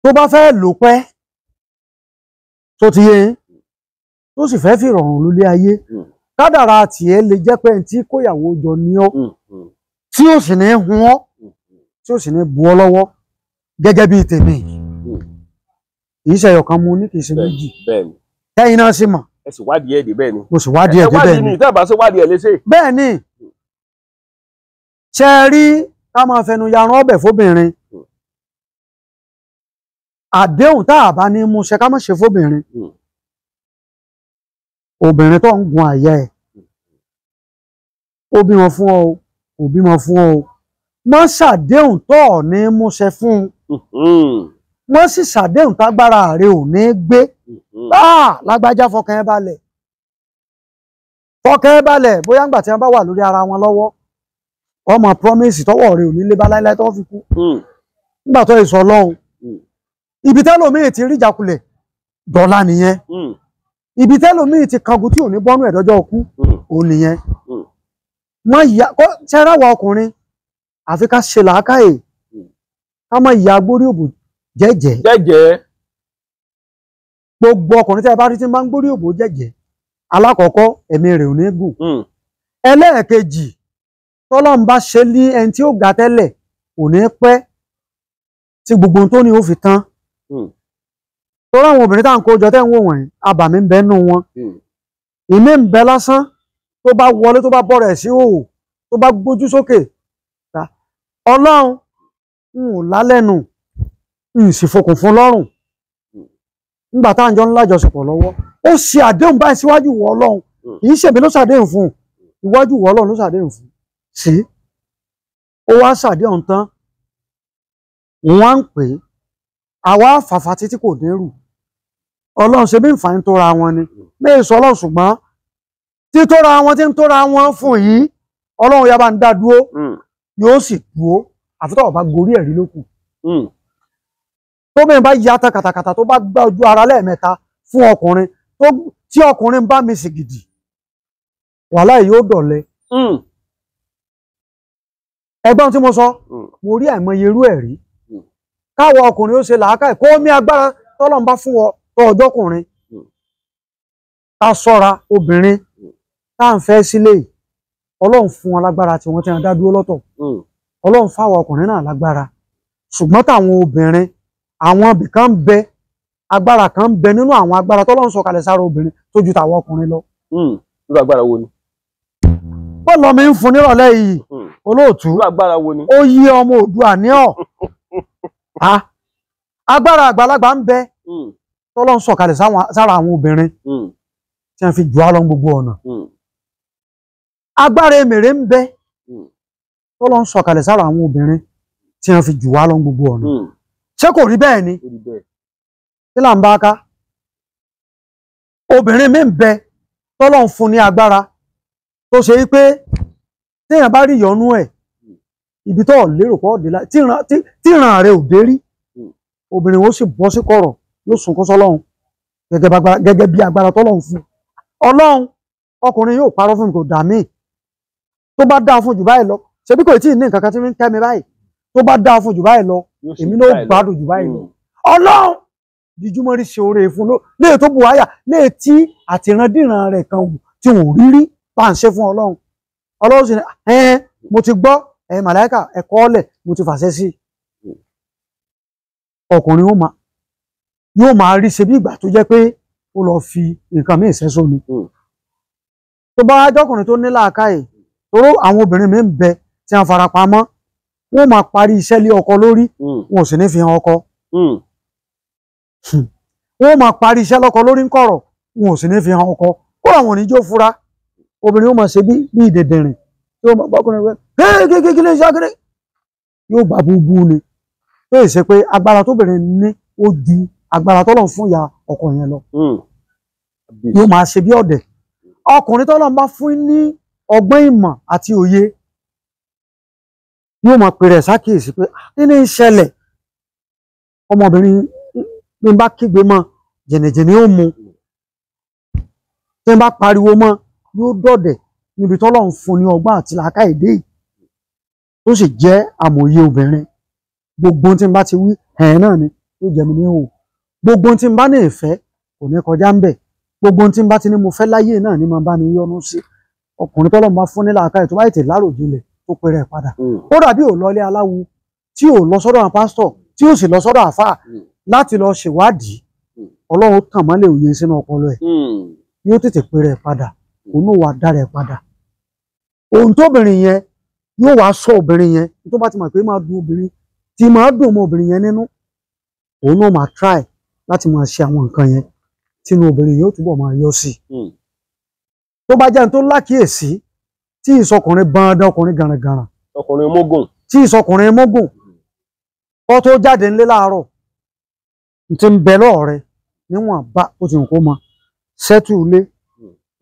tó bá fẹ́ lò pẹ́ tó ti yé yín tó sì fẹ́ fi rọ̀rùn lólé ayé kádàrá tiẹ̀ lè jẹ́ pé ẹni tí kóyàwó jọ ní ọ́. Mm tí ò sì ní hun ọ́ tí ò sì ní bu ọ lọ́wọ́ gẹ́gẹ́ bíi tèmi kì í ṣe ẹyọkan mu ní kì í ṣe méjì tẹ́yìn náà sì mọ̀ ẹ sì wádìí ẹ̀dẹ̀ bẹ́ẹ̀ ni mo sì wádìí ẹ̀dẹ̀ bẹ́ẹ̀ ni ìtẹ́ẹ̀bá sí wádìí ẹ̀ léṣe. bẹ́ẹ̀ ni ṣe rí ká máa fẹnu yarun ọbẹ̀ fóbìnrin hmm. àdéhùn tá a bá ní mú ṣe ká má ṣe fóbìnrin hmm. obìnrin tó ń gun àyà ẹ̀ hmm. ó bí wọn fún ọ o kò bímọ fún ọ má ṣàdéhùn tó ọ ní múṣẹ fún wọn mm-hmm. sì ṣàdéhùn tágbára rẹ ò ní gbé mm-hmm. ah, lágbájá fọkàn ẹ balẹ̀ fọkàn ẹ balẹ̀ bóyá ńgbà tí wọn bá wà lórí ara wọn lọ́wọ́ ọmọ promise tọwọ rẹ ò ní lé bá láíláí tó fi kú nígbà mm. tó èso Ọlọ́run mm. ibi tẹlòmíì ti rí ìjákulẹ̀ dọlà nìyẹn mm. ibi tẹlòmíì ti kangun tí ò ní bọnú ẹdọjọ òkú mọ́ ìyá kó ṣẹ́ra wa ọkùnrin àfi ká ṣe làákàyè ká mọ ìyá gbórí òbò jẹ́jẹ́. jẹ́jẹ́. gbogbo ọkùnrin tẹ́ ẹ bá rí tí ń bá ń gbórí òbò jẹ́jẹ́ alákọ̀ọ́kọ́ ẹ̀mí rẹ̀ ò ní gùn. Hmm. ẹlẹ́ẹ̀kejì tọ́lọ́run bá ṣe ní ẹni tí ó ga tẹ́lẹ̀ kò ní pẹ́ tí gbogbo ohun tó ní ó fi tán. Hmm. tọ́lọ́run obìnrin tá à ń kó jọ tẹ́ ń wò wọ̀nyí abàmì ń bẹ nù wọn. Hmm. ìmí ń bẹ lásán tó bá wọlé tó bá bọ̀rọ̀ sí òwò tó bá gbójú sókè ọlọ́run n lálẹ́nu n sì fokùn fún lọ́rùn nígbà tá à ń jọ ńlá lọ́wọ́ ó ṣe àdéhùn báyìí síwájú wọ ọlọ́run kì ṣèmi ló ṣàdéhùn fún iwájú wọ ọlọ́run ló ṣàdéhùn fún sí ó wá ṣàdéhùn tán wọ́n ń pè é àwa fàfà títí kò dérù ọlọ́run ṣe bí nfààní tó ra wọn ni mẹ́ẹ̀ẹ́sọ ọlọ́run ṣùgbọ́n tí tóra wọn tí ń tóra wọn fún yìí ọlọ́run ya bá ń dá dúró hmm. yóò sì dúró àfitọ́ ọ̀bá gorí ẹ̀rí ló kù hmm. tó mẹ́rin bá yàtọ̀ kàtàkàtà tó bá gbá ojú ara lẹ́ẹ̀mẹ́ta fún ọkùnrin tí ọkùnrin bá mi sì gidi wàláì yóò dọ̀lẹ hmm. ẹgbọ́n tí mo sọ mo rí àìmọye irú ẹ̀rí káwọ ọkùnrin ó ṣe làákàì kó mi agbára tọ́lọ́run fún ọ ọjọ́kùnrin ta sọ́ra obìnrin tá à ń fẹ́ sílé yìí ọlọ́run fún wọn lágbára tí wọ́n ti dá dúró lọ́tọ̀ hmm. ọlọ́run fáwọn ọkùnrin náà lágbára ṣùgbọ́n táwọn obìnrin àwọn ibìkan ń bẹ agbára kan ń bẹ nínú àwọn agbára tọ́lọ́run sọ̀kalẹ̀ sára obìnrin tó ju tàwọn ọkùnrin lọ. Hmm. irú agbára wo ni. bọ́ọ̀lù mi ń fún nírọ̀lẹ́ yìí hmm. olóòtú ó yí ọmọ òdua ní ah, agbára àgbàlagbà ń bẹ tọ́lọ́run sọ̀kalẹ̀ sára àwọn obìnrin tí wọ́n fi jù á lọ gbogbo ọ̀nà agbára èmèrè ń bẹ tó lọ ń sọ̀kalẹ̀ sára àwọn obìnrin tí wọ́n fi jù wá lọ gbogbo ọ̀nà hmm. ṣé kò rí bẹ́ẹ̀ ni kí là ń bá ká obìnrin mi ń bẹ tó lọ ń fún ní agbára tó ṣe wípé téèyàn bá rí ìyọnú ẹ̀ hmm. ibi tó lérò pọ̀ dé tí ìran rẹ̀ ò dé hmm. obìnrin ó sì bọ́ sí kọ̀rọ̀ yóò sunkún sọ́lọ́run gẹ́gẹ́ bí agbára tọ́lọ́run fún ọlọ́run ọkùnrin yóò parọ́ fún mi kò dà míì tó bá dáa fún jù báyìí lọ ṣebí kò tí ì ní nǹkan kan tí ń kẹ́mi báyìí tó bá dáa fún jù báyìí lọ èmi ló gbádùn jù báyìí lọ hmm. ọlọ́run jíjúmọ́ rí ṣe oore fún ló léè tó bu wáyà léè tí àtìrandíran rẹ̀ kan wù tí wọn ò rí rí bá ń ṣe fún ọlọ́run ọlọ́run sì ni ẹn mo ti gbọ́ ẹ̀yin màláìkà ẹ̀kọ́ ọ̀lẹ̀ mo ti fàṣẹ sí ọkùnrin ó máa yóò máa rí ṣe bí ìgbà tó jẹ́ pé ó lọ fi nǹkan míì ṣẹ́sọ́ ni hmm. tó bá jọkùnrin tó ní làákàyè toró àwọn obìnrin mi ń bẹ tí wọ́n fara pamọ́ wọ́n máa parí iṣẹ́ lé ọkọ lórí hmm. wọn ò sì ní fi hàn ọkọ hmm. Hmm. wọ́n máa parí iṣẹ́ lọ́kọ lórí ńkọ̀rọ̀ wọn ò sì ní fi hàn ọkọ kóra wọn ò fura obìnrin yóò máa ṣe bí bí ìdèdèrìn tí ó máa gbọ́kùnrin rẹ kéékèèké lè ṣe akéde yóò bá búbú ni tó yẹ ṣe pé agbára tóbìnrin ní ó ju agbára tọ́lọ̀ fún ìyá ọkọ yẹn lọ yóò máa ṣe bí ọ̀dẹ̀ ọkùnrin tọ́lọ̀ bá fún ní ọgbọ́n ìmọ̀ àti òye yóò mọ̀ pé rẹ̀ sákìyèsí pé ah, kí ni ń ṣẹlẹ̀ ọmọbìnrin bí n bá kígbe mọ́ jẹ̀nẹ̀jẹ̀nẹ̀ ó mu tí n bá pariwo mọ́ yóò dọ̀dẹ̀ níbi tọ́lọ̀ ń fún ní ọgbọ́n àti làákà èdè yìí tó sì jẹ́ àmọ̀ye obìnrin gbogbo tí n bá ti wí ẹ̀ẹ́n náà ni yóò jẹ́ mi ní hò gbogbo tí n bá ní ìfẹ́ kò ní kọjá ń bẹ̀ gbogbo tí n bá ti ní mo fẹ́ láyé náà ni màá bá mi yọnu sí ọkùnrin tọ́lọ́ máa fún nílà akáyọ̀ tó bá tètè láròjinlẹ̀ tó pèrè ẹ̀ padà hmm. ó dàbí ò lọlé aláwo tí ò lọ sọ́dọ̀ àwọn pásítọ̀ tí ò sì lọ sọ́dọ̀ àáfàá hmm. láti lọ ṣèwádìí hmm. ọlọ́run tàn mọ́lẹ̀ òye sínú ọpọlọ ẹ̀ yóò tètè pèrè ẹ̀ padà òun ò wá dára ẹ̀ padà ohun tóbìnrin yẹn yóò wá sọ obìnrin yẹn tó bá ti mọ̀ pé máa dùn obìnrin tí máa dùn ọmọ obìnrin yẹn nínú òun náà máa try láti máa ṣe àwọn nǹkan yẹn tínú obìnrin yóò túbọ̀ máa yọ sí i tó bá jẹ́ ní tó lákìyèsí tí ìsọkùnrin bandan ọkùnrin gànràngànrà ọkùnrin mógùn tí ìsọkùnrin mógùn kó tó jáde ńlé láàárọ̀ ti ń bẹ lọ́ọ̀ rẹ níwọ̀n bá ó ti hàn kó mọ sẹ́tù ilé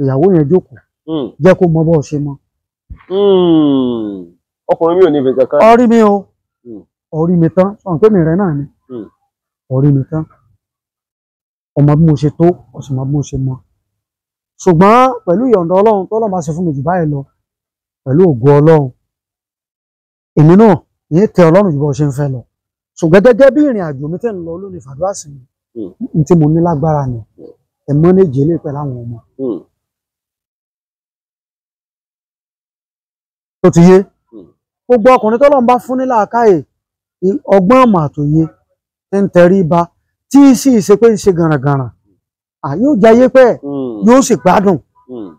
ìyàwó yẹn jókòó hmm. jẹ́ kó mọ bọ́ ọ ṣe mọ. Hmm. ọkùnrin mi ò ní ìfẹ́ kankan. ọrí mi o hmm. ọrí mi tán sọ̀n pé mi rẹ̀ náà ni ọrí mi tán ọmọ bí mo ṣe tó ọ̀sùn mọ bí mo ṣe mọ ṣùgbọ́n pẹ̀lú ìyọ̀ǹda ọlọ́run tó lọ́ba ṣe fún mi jù báyìí lọ pẹ̀lú ògo ọlọ́run èmi náà yìí tẹ ọlọ́run jù bọ́ ṣe ń fẹ́ lọ ṣùgbọ́n gẹ́gẹ́ bí ìrìn àjò mi tẹ̀ ń lọ lónìí fàdúrà sí mi hmm. tí mo ní lágbára ni ẹ̀mọ́ méje lè pẹ̀lú àwọn ọmọ tó hmm. ti yé hmm. gbogbo ọkùnrin tọ́lọ́run bá fún ní làákàyè ọgbọ́n àmọ̀ àtòye tí ń tẹrí ba tí sì ṣe pé ń ṣe gàràngàrà àyè ò jayé pẹ́ẹ́ Hmm. yóò sì gbádùn hmm.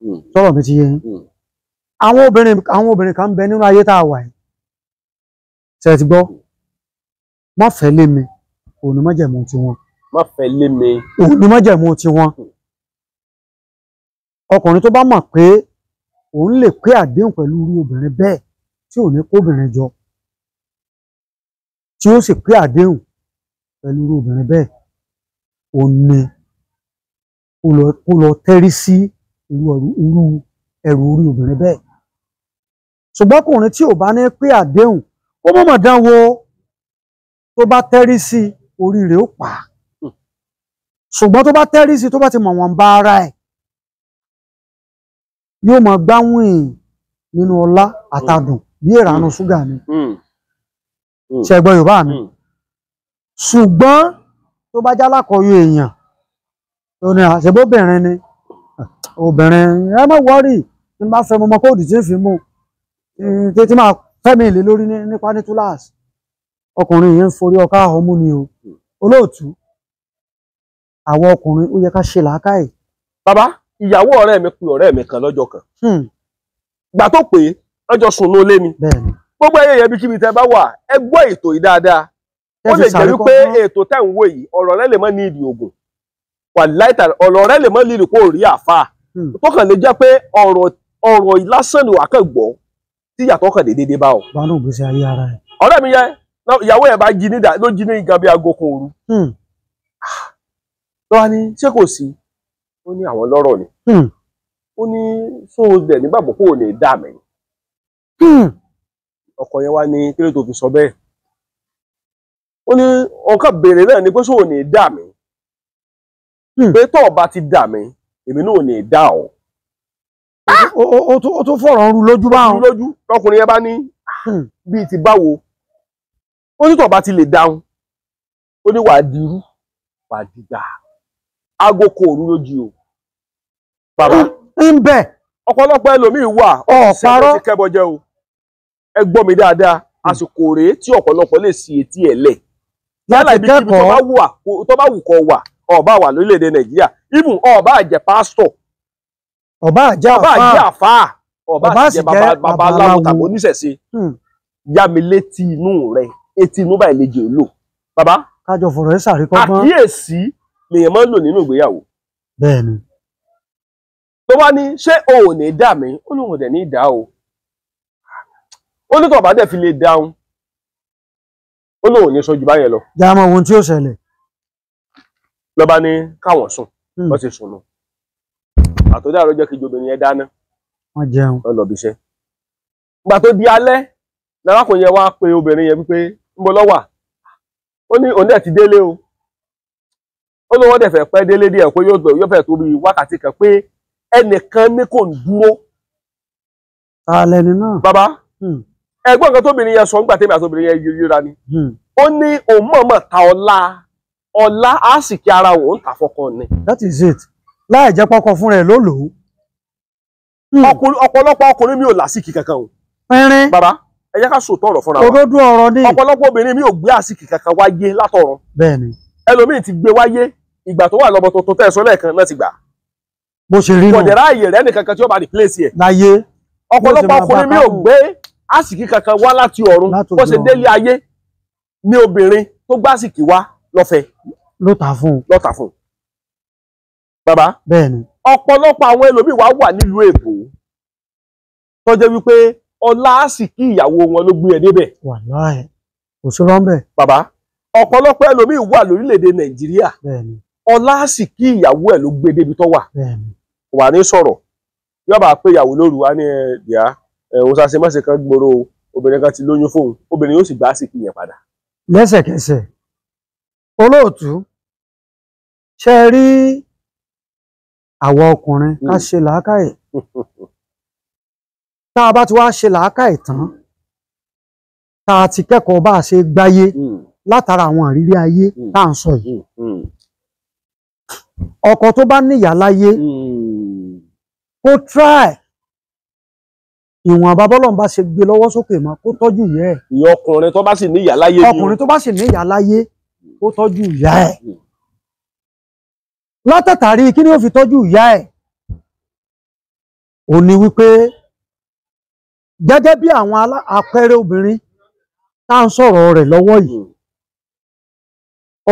Hmm. sọ̀rọ̀ mi ti yé yín àwọn obìnrin àwọn obìnrin kan ń bẹ nínú ayé tá a wà yìí ṣe ti gbọ́ má fẹ́ lé mi òun ni májẹ̀mú tiwọn. má fẹ́ lé mi. òun ni májẹ̀mú tiwọn. ọkùnrin tó bá mọ̀ pé òun lè pé àdéhùn pẹ̀lú irú obìnrin bẹ́ẹ̀ tí ò ní kóbìnrin jọ tí ó sì pé àdéhùn pẹ̀lú irú obìnrin bẹ́ẹ̀ òun ni kó lọ kó lọ tẹ́rí sí irú ẹrù orí obìnrin bẹ́ẹ̀ ṣùgbọ́n ọkùnrin tí ò bá ní pé àdéhùn ó mọ̀mọ̀ dán wo tó bá tẹ́rí sí orí rẹ̀ ó pa hmm. ṣùgbọ́n tó bá tẹ́rí sí tó bá ti mọ̀ wọ́n bá ara ẹ̀ yóò mọ̀ gbáwìn nínú ọlá àtàdùn bí ìrànú hmm. ṣúgà ni hmm. ṣẹgbọ́n yorùbá mi ṣùgbọ́n tó bá jálákọ̀ọ́yọ èèyàn ó ní àṣebóbìnrin ni obìnrin ẹ ma wọrí ní bá fẹ́ mo fi mú tètè máa fẹ́mi ìlé lórí nípa nipa túláàsì ọkùnrin yẹn ń forí ọká ni o bàbá ìyàwó ọ̀rẹ́ mi pe ọ̀rẹ́ mi kan lọ́jọ́ kan hmm. gbà tó pé ọjọ́ sùn ló lé mi gbogbo eye yẹn bí kíbi tẹ bá wà ẹ gbọ́ ètò dáadáa lè jẹ́ wípé ètò tẹ̀ yìí wà láìta ọ̀rọ̀ rẹ lè mọ́ lílù kó rí àfa hmm. tó kàn lè jẹ́ pé ọ̀rọ̀ ọ̀rọ̀ lásán ni wà á kàn gbọ́ tí ìyàtọ̀ kàn déédéé bá ọ. wọn ò gbèsè ayé ara ẹ. ọ̀rẹ́ mi yẹn ìyàwó ẹ̀ bá jí nídà ló jí ní nǹkan bí aago kan òru. Hmm. lọ́wọ́ ni ṣé kò sí ó ní àwọn lọ́rọ̀ ni hmm. ó ní sóòdẹ nígbàgbọ́ kó o lè dá àmì ọkọ yẹn wá ní kí ló tó fi sọ bẹ́ẹ̀ ó ní ọkàn béèrè náà ni pé Hmm. pé tó o bá ti dà mí èmi náà ò ní dà ọ́. Ah! ó tún fọ̀rọ̀ ń ru lójú bá wọn. lójú lọkùnrin yẹn bá ní hmm. bíi ti báwo ó ní tó o bá ti lè dáhùn ó ní wàá dirú wàá dìgbà aago kò rú lójú o. bàbá ń bẹ ọ̀pọ̀lọpọ̀ ẹlòmíín wà ọ̀sẹ̀rọ̀ ti kẹ́bọjẹ o ẹ gbọ́ mi dáadáa hmm. àsìkò rèé tí ọ̀pọ̀lọpọ̀ lè sí etí ẹ̀ lẹ̀. láti kẹ́kọ̀ọ́ tó bá wù kọ́ wà ọba wà lórílẹ̀‐èdè nàìjíríà even ọba àjẹ pásítọ̀ ọba àjẹ àfáà ọba àjẹ babaláwo tàbí oníṣẹ̀ṣe hmm. yá mi létí inú rẹ etí inú báyìí lè jẹ òlò bàbá kájọ fọ̀rọ̀ ẹ sàríkọ́gbọ́n àkíyèsí lèèyàn máa ń lò nínú ìgbéyàwó bẹ́ẹ̀ni tó bá ní ṣé o ò ní dà mí ó lóun ní dà o ó ní tó dẹ̀ fi lè dáhùn ó ò ní sọ jù báyẹn lọ. jáàmọ̀ ohun tí ó ṣẹlẹ̀ lọ́ba ní káwọn sùn hmm. wọ́n sì sùn nù àtọ́jà àròjọ kejì obìnrin yẹn dáná wọ́n jẹun wọ́n lọ bí iṣẹ́ ìgbà tó di alẹ́ lárákùnrin yẹn wá pe obìnrin yẹn wípé ń bọ́ lọ́wà ó ní òun dẹ̀ ti délé o ó lówó dẹ̀ fẹ́ pẹ́ délé díẹ̀ pé yóò fẹ́ tó bí wákàtí kan pé ẹnìkan ní kò dúró. alẹ́ ni náà. bàbá hmm. ẹgbọ́n kan tóbìnrin yẹn sọ nígbà tẹ́mi àtobìnrin yẹn yíra ni hmm. ó ní òun mọ̀ọ́mọ̀ ta ọlá ọlá a sì kí ara òun tà fọkàn ni. that is it láì jẹ́ pọ́kọ fún rẹ̀ ló lò ó. Hmm. ọ̀pọ̀lọpọ̀ ọkùnrin mi ò làásìkì kankan o. pẹ́rín bàbá ẹ jẹ́ ká sòótọ́ ọ̀rọ̀ fúnra wa. òdodo ọ̀rọ̀ ni. ọ̀pọ̀lọpọ̀ obìnrin mi ò gbé àsìkì kankan wáyé látọ̀run. bẹ́ẹ̀ni. ẹlòmíì ti gbé wáyé ìgbà tó wà lọ́mọ tuntun tẹ́ ẹ sọ lẹ́ẹ̀kan náà ti gbà. bó ṣe rí nù. kọ̀dẹ̀rẹ́ àyè rẹ̀ nìkankan tí ó bá ní pílẹ̀sì ẹ̀. láyé. ọ̀pọ̀lọpọ̀ ọkùnrin mi ò gbé àsìkì kankan wá láti ọ̀run bó ṣe délé ayé ni obìnrin lọ́fẹ́. ló tà fún un. ló tà fún un. bàbá. bẹ́ẹ̀ni. ọ̀pọ̀lọpọ̀ àwọn ẹlòmíì wá wà nílùú èkó tó jẹ́ wípé ọlá àsìkí ìyàwó wọn ló gbé ẹ débẹ̀. wàláhì kò sí rọ́ńbẹ̀. bàbá ọ̀pọ̀lọpọ̀ ẹlòmíì wà lórílẹ̀‐èdè nàìjíríà ọlá àsìkí ìyàwó ẹ̀ ló gbé débi tó wà wà ní sọ̀rọ̀ yọba pé ìyàwó lóru wa ní ẹ̀dìá ẹ̀hún sase mọ́sẹ̀ kan gbòòrò obìnrin kan ti lóyún fóun obìnrin yóò sì gbà àsìkí yẹn padà. lẹ́sẹ̀kẹsẹ̀ olóòtú ṣe rí àwa ọkùnrin ká hmm. ṣe làákàyè tá a bá ti wá ṣe làákàyè tán tá a ti kẹ́kọ̀ọ́ bá a ṣe gbáyé hmm. látara àwọn àrírí ayé hmm. tá à ń sọ yìí ọkọ tó bá níyà láyé kó try ìwọ̀n babọ́lọ́n bá ṣe gbé lọ́wọ́ sókè mọ́ kó tọ́jú yẹ ẹ̀. ìyá ọkùnrin tó bá sì níyà láyé. ọkùnrin tó bá sì níyà láyé ó tọ́jú ìyá ẹ̀ látàtàrí kí ni ó fi tọ́jú ìyá ẹ̀ ò ní wípé gẹ́gẹ́ bí àwọn àpẹẹrẹ obìnrin tá ń sọ̀rọ̀ rẹ̀ lọ́wọ́ yìí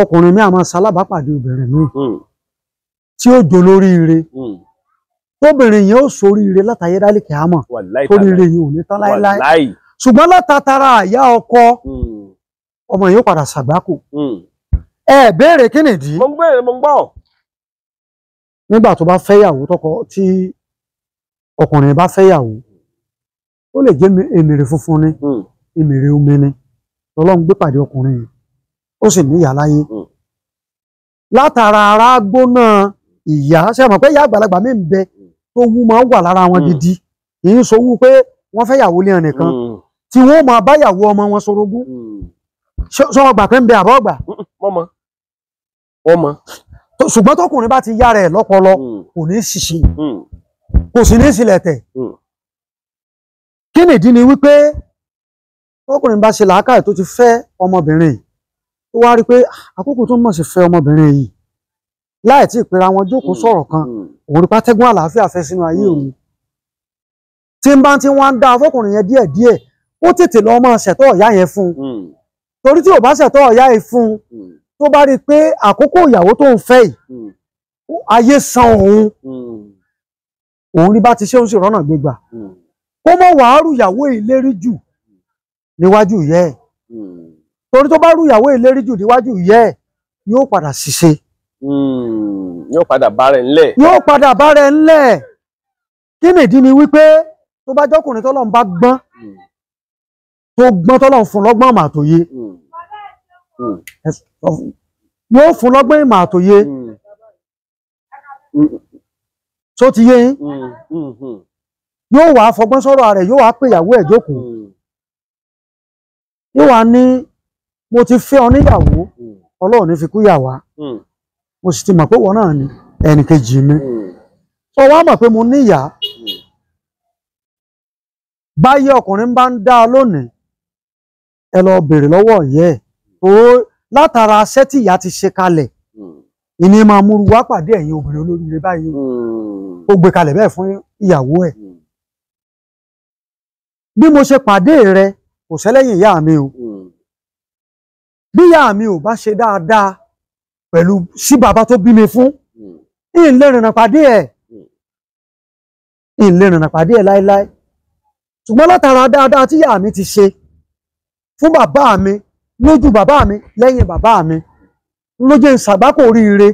ọkùnrin mi àmọ́ sálábàápàdé obìnrin mi hmm. tí ó jò lóríire hmm. tóbìnrin yẹn ó soríire látàyé dálé kìámọ̀ toríire yìí ò ní tán láéláé ṣùgbọ́n látàtàrà àyà ọkọ hmm ọmọ yóò padà ṣàgbákò hmm. ẹ béèrè kí nìdí. mo ń béèrè mo ń gbọ́. nígbà tó bá fẹ́yàwó tọkọ tí ọkùnrin bá fẹ́yàwó ó lè jẹ́ èmèrè funfun ni èmèrè hmm. omi ni lọ́lọ́run gbé pàdé ọkùnrin yìí ó sì níyà láyé hmm. látara ara gbóná ìyá ṣe mọ̀ pé ìyá àgbàlagbà mi ń bẹ tó wú máa wà lára wọn gidi kì í sowú pé wọ́n fẹ́yàwó lé ẹnìkan tí wọ́n máa báyàwó ọmọ wọn sorogún ṣọ ọgbà kan ń bẹ àbọ̀ ọgbà. wọ́n mọ wọ́n mọ. ṣùgbọ́n tọkùnrin bá ti yá rẹ̀ lọ́pọlọ mm. kò ní ṣìṣe mm. kò sì ní sílẹ̀ tẹ̀. Mm. kí nìdí ni wípé tọkùnrin bá ṣe làákàyè tó ti fẹ́ ọmọbìnrin tó wá rí pé ah, àkókò tó mọ̀ sí fẹ́ ọmọbìnrin yìí láì tí ìpera wọn jókòó sọ̀rọ̀ kan òun rí pátẹ́gùn àlàáfíà fẹ́ sínú ayé òun tí n bá ti wá ń dá fọkùnrin yẹn díẹ̀díẹ̀ ó tètè lọ máa ṣẹ̀tọ́ ọ̀yá yẹn fún un torí tí ò bá ṣẹ̀tọ́ ọ̀yá ìfun hmm. tó bá rí i pé àkókò ìyàwó tó ń fẹ́ yìí hmm. ayé san òun hmm. òun ní bá ti ṣe ń ṣe rọ́nà gbégbà kó mọ̀ wàá rúyàwó ìlérí jù níwájú ìyẹ́ ẹ̀ torí tó bá rúyàwó ìlérí jù níwájú ìyẹ́ ẹ̀ yóò padà ṣiṣe. yóò padà bára ẹ̀ ńlẹ̀. yóò padà bára ẹ̀ ńlẹ̀ kí nìdí ni wípé tó bá jọkùnrin tọ́lọ́run bá gbọ́n tó gbọ́n tọ́lọ́run fún lọ́gbọ́n àmà àtòye yóò fún lọ́gbọ́n ìmà àtòye tó hmm. hmm. ti yé hmm. yóò wà fọgbọ́n sọ̀rọ̀ rẹ̀ yóò wá pè ìyàwó ẹ̀ jókòó yóò wà ní mo ti fẹ́ ọ níyàwó ọlọ́run ní fi kú yà mo sì ti mọ̀ pé wọ́n náà ni ẹnìkejì mi tó wá mọ̀ pé mo níyà báyé ọkùnrin bá ń dá lónìí ẹ lọ bèrè lọ́wọ́ ìyẹ́ ẹ̀ tó látara aṣẹ́ tí ìyá ti ṣe kalẹ̀ hmm. ìní máa múru wá pàdé ẹ̀yin obìnrin olóríire báyìí hmm. ó gbé kalẹ̀ bẹ́ẹ̀ fún ìyàwó ẹ̀ hmm. bí mo ṣe pàdé rẹ kò sẹ́lẹ́yìn ìyá mi o bí ìyá mi ò bá ṣe dáadáa pẹ̀lú sí bàbá tó bí mi fún ìlé rìnà pàdé ẹ̀ ìlé rìnà pàdé ẹ̀ láéláé ṣùgbọ́n látara dáadáa tí ìyá mi ti ṣe fún bàbá mi lójú bàbá mi lẹ́yìn bàbá mi ló jẹ́ ìsàgbákò oríire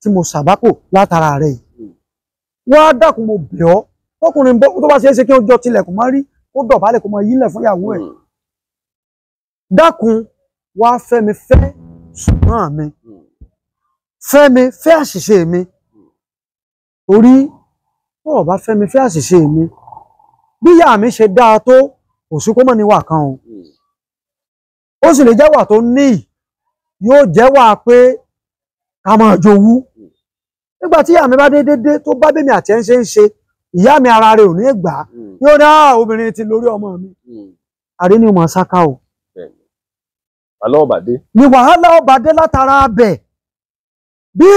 tí mo sàgbákò látara rẹ̀ yìí wá dákun mo bẹ̀ ọ́ tọkùnrin bọ́ tó bá ṣe é ṣe kí ọjọ́ tilẹ̀kùn má rí kó dọ̀bálẹ̀ kó máa yílẹ̀ fún ìyàwó ẹ̀ dákun wá fẹ́ mi fẹ́ ṣùgbọ́n mi fẹ́ mi fẹ́ àṣìṣe mi torí tó o bá fẹ́ mi fẹ́ àṣìṣe mi bí ìyá mi ṣe dáa tó kò sí kó mọ̀ níwà kan o ó sì lè jẹ́wà tó ní yóò jẹ́wà pé ká máa jowú nígbà tí ìyá mi bá dé dédé tó bá bèmi àti ẹ̀ ń ṣe ń ṣe ìyá mi ara rẹ̀ ò ní gbà á hmm. yóò ní àá ah, obìnrin ti lórí ọmọ mi hmm. àrí ni mo ṣáká o. ni wàhálà ọba dé látara abẹ bí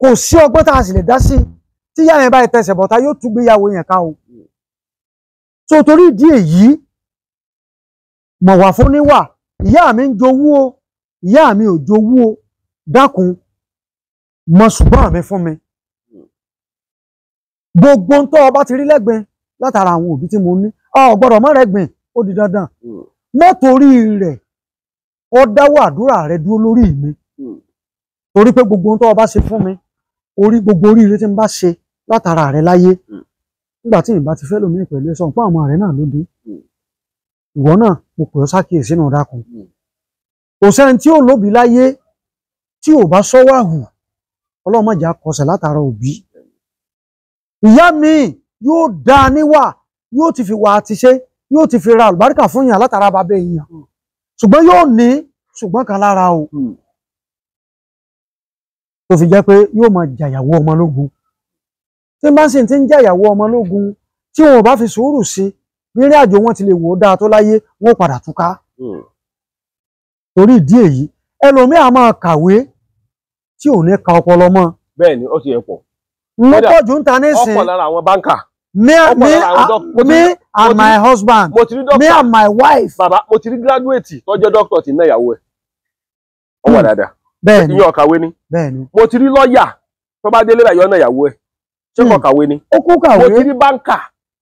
kò sí ọgbọ́n tá a sì lè dá sí tí ìyá yẹn bá tẹsẹ̀ bọ̀tá yóò tún gbéyàwó yẹn ká o. Hmm. so torí ìdí èyí mọ̀ fún níwà ìyá mi ń jowú o ìyá mi ò jowú o dákun mọ ṣùgbọ́n mi fún mi gbogbo ń tọ́ ọba ti rí lẹ́gbẹ̀ẹ́ látara àwọn òbí tí mo ní ọ gbọ́dọ̀ má ó di dandan mọ́ hmm. rẹ̀ ó dáwọ́ àdúrà rẹ dúró lórí mi hmm. torí pé gbogbo ohun tó ọba ṣe fún mi orí gbogbo oríire tí n bá ṣe látara rẹ láyé hmm. nígbà tí n ti fẹ́ lómi pẹ̀lú ẹ sọ pé àwọn ààrẹ náà ló ìwọ náà mo pè ọ́ sákìyèsí nù dákun kò sẹ́ni tí ò lóbi láyé tí ò bá sọ́wọ́ àhùn ọlọ́mọjà kọsẹ̀ látara òbí ìyá mi yóò dáa níwà yóò ti fi wà á ti ṣe yóò ti fi ra àlùbáríkà fún yàn látara bàbá èèyàn ṣùgbọ́n yóò ní ṣùgbọ́n kan lára o tó fi jẹ́ pé yóò máa jàyàwó ọmọ tí n bá sì ti ń jàyàwó ọmọ tí wọn ò bá fi sùúrù sí i rírìn àjò wọn ti lè wò ó dáa tó láyé wọn padà túká hmm. torí ìdí èyí ẹlòmíà máa kàwé tí ò ní ka ọpọlọ mọ. bẹ́ẹ̀ ó ti yẹ pọ. lọ́pọ̀ jù ń ta ní sìn. ọ̀pọ̀ me and my husband me and my wife. bàbá mo ti rí gíráduwéètì tó jẹ́ dókítà ná ìyàwó hmm. dáadáa. ni ìyẹn ni. mo ti rí hmm. kàwé ni. ó kú kàwé.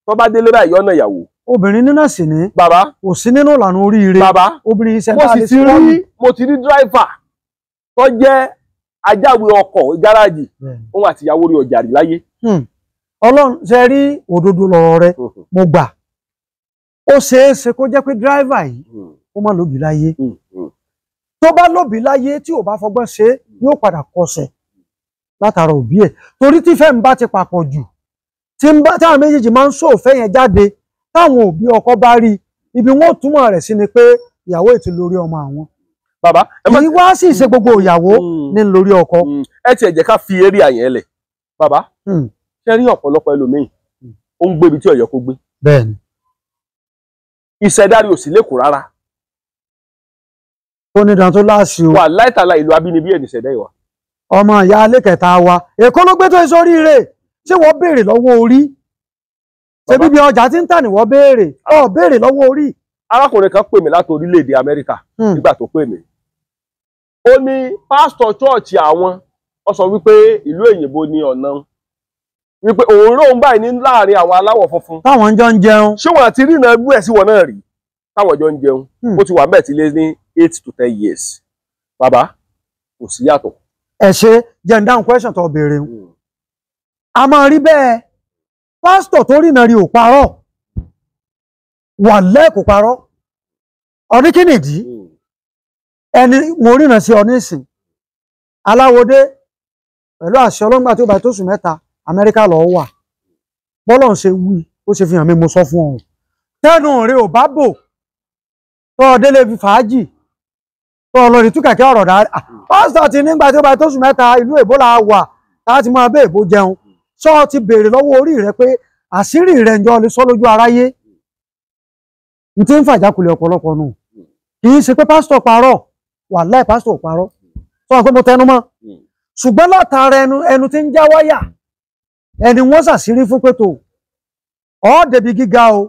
mo ti rí obìnrin nínú sì ní. bàbá kò sí nínú ìlànà oríire. bàbá obìnrin iṣẹ́ náà lè sí rí mo ti rí dráìfà tó jẹ́ ajáwe ọkọ̀ gáràjì òun àti ìyàwó rí ọjà rí láyé. Hmm. rí òdodo rẹ hmm. mo gbà ó ṣeé ṣe kó jẹ́ pé yìí hmm. ó má láyé tó bá lóbi láyé tí bá fọgbọ́n ṣe yóò padà kọsẹ̀ látara òbí torí tí ti papọ̀ jù tí ń táwọn méjèèjì máa ń yẹn táwọn òbí ọkọ bá rí ibi wọn ò túmọ̀ rẹ̀ sí ni pé ìyàwó ètò lórí ọmọ àwọn bàbá èyí wá sì ṣe gbogbo ìyàwó hmm. ní lórí ọkọ hmm. ẹ tiẹ̀ jẹ́ ká fi eré àyẹn lẹ̀ bàbá hmm. ṣe rí ọ̀pọ̀lọpọ̀ ẹlòmíín ó ń gbé ibi tí ọ̀yọ́ kó gbé bẹ́ẹ̀ni ìṣẹ̀dárí ò sí lẹ́kọ̀ọ́ rárá ó ní dan tó láàṣì o wà láìtàlà ìlú abínibí ẹ̀ nìṣẹ̀dá ìwà ọmọ ìyá alẹ́ kẹta wa èkó ló gbé tó sórí rẹ̀ ṣé wọ́n béèrè lọ́wọ́ orí ṣebí bí ọjà tí ń tà ní wọ́n béèrè ah. ọ béèrè lọ́wọ́ orí. arákùnrin kan pè mí láti orílẹ̀-èdè amẹ́ríkà hmm. nígbà tó pè mí ó ní pásítọ̀ chọ́ọ̀chì àwọn ó sọ wípé ìlú èyìnbó ni ọ̀nà wípé òun róun báyìí ní láàrin àwọn aláwọ̀ funfun. táwọn jọ ń jẹun. ṣé wọn àti rìnà ẹgbẹ́ ẹ̀ sí wọn náà rí táwọn jọ ń jẹun hmm. ó ti wà mẹ́ẹ̀ tí lé ní eight to ten years bàbá kò sí yàtọ̀. ẹ ṣe jẹ́ ń dáhùn question tó béèrè hmm. a máa rí bẹ́ẹ̀ pásítọ̀ tó rí ìnàrí ò parọ́ wà lẹ́ẹ̀kò parọ́ ọdún kí nìdí hmm. ẹni mo ríran sí ọdún ìsìn aláwọdé pẹ̀lú àṣẹ ọlọ́gbà tó bá tó sùn mẹ́ta amẹ́ríkà lọ wà bọ́lọ̀ ṣe wí ó ṣe fi hàn mí mo sọ fún ọ̀hún tẹ́nu rẹ ò bá bò tọ́ délé fi fàájì tọ́ ọlọ́rin tú kẹ̀kẹ́ ọ̀rọ̀ dáa ah, hmm. pásítọ̀ ti nígbà tó bá tó sùn mẹ́ta ìlú èbó la wà láti máa bẹ́ èbó jẹun sọ ti béèrè lọ́wọ́ orí rẹ pé àṣírí rẹ ǹjọ́ lè sọ lójú aráyé n ti ń fàjákulẹ̀ ọ̀pọ̀lọpọ̀ nù kì í ṣe pé pásítọ̀ parọ́ wàláì pásítọ̀ parọ́ sọ pé mo tẹnu mọ́ ṣùgbọ́n látara ẹnu ẹnu tí ń já wáyà ẹni wọ́n ṣàṣírí fún pé tó ọ́ débi gíga o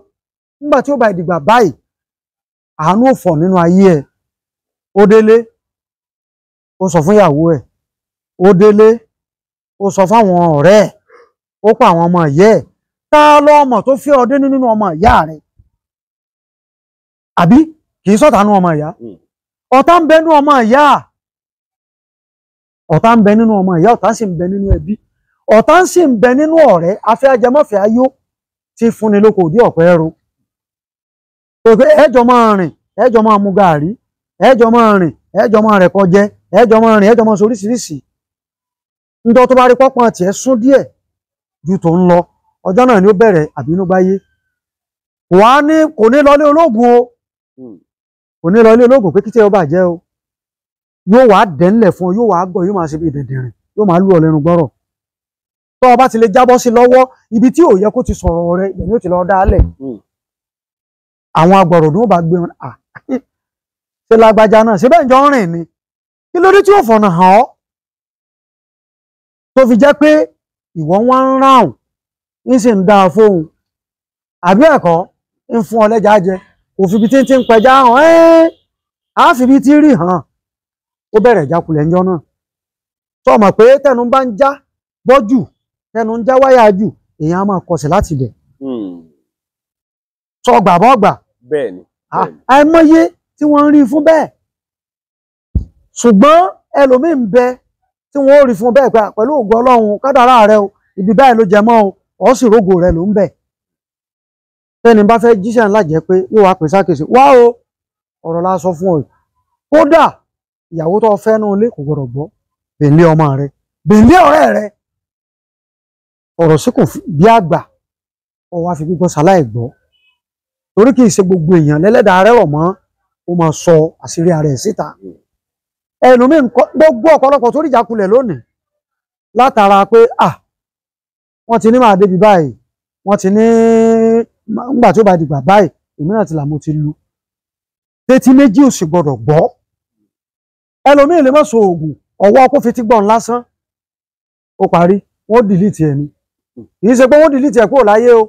nígbà tí ó bá ìdìgbà báyìí àánú ò nínú ayé ẹ̀ ó délé ó sọ fún ìyàwó ẹ̀ ó délé ó sọ fáwọn ọ̀rẹ́ ẹ̀ ó kó àwọn ọmọ ìyá ẹ̀ ta lọ ọmọ tó fẹ́ ọdẹ nínú ọmọ ìyá rẹ̀ àbí kì í sọ̀tà ọmọ ìyá hmm. ọ̀tá ń bẹ nínú ọmọ ìyá ọ̀tá ń bẹ nínú ọmọ ìyá ọ̀tá sì ń bẹ nínú ẹbí ọ̀tá sì nínú ọ̀rẹ́ afẹ́ ajẹmọ́fẹ́ ti fúnni lóko òdí ọ̀pẹ́ ẹ̀rọ rìn mu gàárì rìn rìn soríṣiríṣi ju tó ń lọ ọjọ́ náà ni ó bẹ̀rẹ̀ àbínúgbáyé wàá ní kò ní lọlé ológun o hmm. kò ní lọlé ológun pé kíkẹ́ ọba jẹ́ o yóò wàá dẹ́nlẹ̀ fún ọ yóò wàá gọ̀ yóò máa ṣe ìdẹ̀dẹ̀rìn yóò máa lù ọ lẹ́nu gbọ́rọ̀ tó o bá ti lè jábọ́ sí lọ́wọ́ ibi tí ò yẹ kó ti sọ̀rọ̀ rẹ ìgbẹ̀mí ò ti lọ dálẹ̀ hmm. àwọn agbọ̀rọ̀ ló bá gbé wọn à ṣe lágbájá náà ṣe bẹ́ẹ̀ ń jọ rìn ni kí ló dé tí ò fọ̀nà hàn ọ́ tó fi jẹ́ pé ìwọ wọn ń ráhùn ń sì ń dáa fóun àbí ẹ̀kọ́ ń fún ọ jẹ òfin ibi tí ń ti ń pẹja hàn ẹ́ àáfíbi tí rí hàn ó bẹ̀rẹ̀ ìjákulẹ̀ ńjọ́ náà tó pé tẹnu bá ń já bọ́ jù tẹnu ń já wáyà jù èèyàn á máa kọsẹ̀ láti bẹ̀ sọ hmm. gbàbọ́ gbà bẹ́ẹ̀ni àìmọye tí wọ́n ń rí fún bẹ́ẹ̀ ṣùgbọ́n ẹlòmíín bẹ́ẹ̀ tí wọn ó rí fún bẹ́ẹ̀ pé pẹ̀lú ògo ọlọ́run kádàrá rẹ o ibi báyìí ló jẹ mọ́ o ọ̀ sì rẹ ló ń bẹ̀. tẹ́ni bá fẹ́ jíṣẹ́ ńlá pé yóò wá ọ̀rọ̀ la sọ fún ọ kódà ìyàwó tó kò ọmọ rẹ ọrẹ rẹ ọ̀rọ̀ bí àgbà wá fi torí kì í ẹnu mi gbogbo ọ̀pọ̀lọpọ̀ tó ríjà kulẹ̀ lónìí látara pé ah, wọ́n ti ní máa débi báyìí wọ́n ti ní ngbà tí ó bá dìgbà báyìí èmi náà ti là mo ti lu tètí méjì ò sì gbọdọ̀ gbọ́ ẹlòmíì lè má so oògùn ọwọ́ kó fi ti gbọ́n lásán ó parí wọ́n dìlítì ẹni kì í ṣe pé wọ́n dìlítì ẹ̀ kúrò láyé o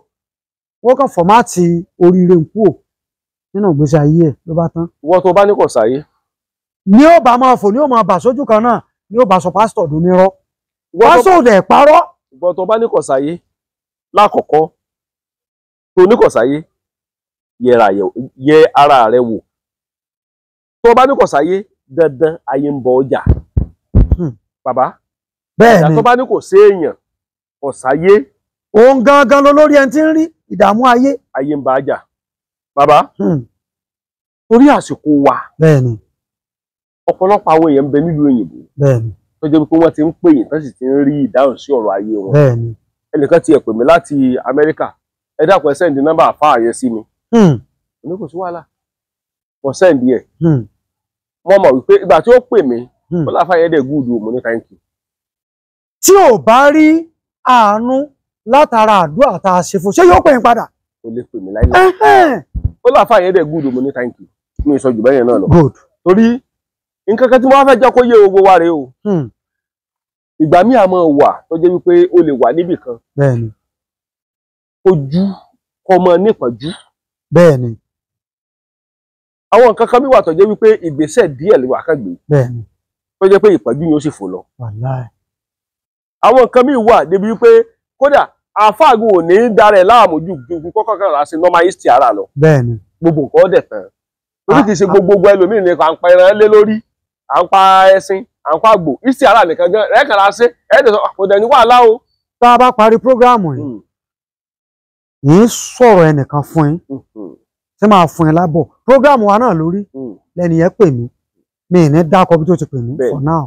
wọ́n kàn fọ́máàtì oríire kúrò nínú ìgbésí ayé ẹ̀ ló bá tán. wọ́n tó bá ní kò sáyé ní ó bá máa fò ní ó máa bà sójú kan náà ní ó bá sọ pásítọ̀ dùn nírọ́ pásítọ̀ ò dẹ̀ parọ́. ìgbọ́n tó bá ní kọ̀sáyé lákọ̀ọ́kọ́ tó ní kọ̀sáyé yẹ ara rẹ wò tó bá ní kọ̀sáyé dandan ayé ń bọ ọjà hmm. bàbá ni tó bá ní kò séèyàn kọ̀sáyé. òun gangan ló lórí ẹni tí ń rí ìdààmú ayé. ayé ń bá a jà bàbá hmm. torí àsìkò wa. bẹ́ẹ̀ ni ọ̀pọ̀lọpọ̀ àwọn èèyàn ń bẹ nílùú òyìnbó tó jẹ́ pé wọ́n ti ń pè yín tó sì ti ń rí ìdáhùn sí ọ̀rọ̀ ayé wọn ẹnìkan ti ẹ̀ pè mí láti Amẹ́ríkà ẹ dákun ẹ sẹ́ndì nọ́mbà àfáà yẹn sí mi hmm. ní kò sí wàhálà wọ́n sẹ́ndì ẹ̀ hmm. mo mọ̀ wípé ìgbà tí ó pè mí wọ́n hmm. láfa yẹn dẹ̀ gúdù mo ní thank you. tí ò bá rí àánú látara àdúrà tá a ṣe fún ṣé yóò pè ń padà. ó lè pè mí láìláì ó láfa yẹn dẹ̀ gúdù mo ní thank you mi ìsọjù bẹ́yẹn náà lọ torí nǹkan kan tí mo wá fẹ́ jẹ́ kó yé gbogbo wa rèé o hmm. ìgbà míì àmọ́ wà tó jẹ́ wípé o lè wà níbì kan ojú kọmọ nípọ̀jú bẹ́ẹ̀ni àwọn nǹkan kan míì wà tó jẹ́ wípé ìgbésẹ̀ díẹ̀ lè wà kágbé bẹ́ẹ̀ni tó jẹ́ pé ìpọ́njú ni ó sì fò lọ àwọn nǹkan míì wà débi wípé kódà àfáàgùn ò ní í darẹ̀ láàmú ju gbogbo kọ́kọ́ kan láti normalist ara lọ bẹ́ẹ̀ni gbogbo nǹkan ó dẹ̀ tán torí ah, kì í ṣe ah. gbogbo ẹlòmíì ní pàǹpẹ̀rẹ̀ lé lórí a ń pa ẹṣin à ń pa àgbò isi ala nìkan gan ẹ̀ẹ́kànlá sí ẹ̀ẹ́dẹ̀sọ ah, kò dẹ̀ wàhálà o. a bá parí prógráàmù yìí yìí hmm. sọ̀rọ̀ ẹnìkan fún yín tí hmm. máa fún yín lábọ̀ wa náà lórí hmm. lẹ́ni yẹn pè mí mi ní dákọ̀ bí tó ti pè mí for now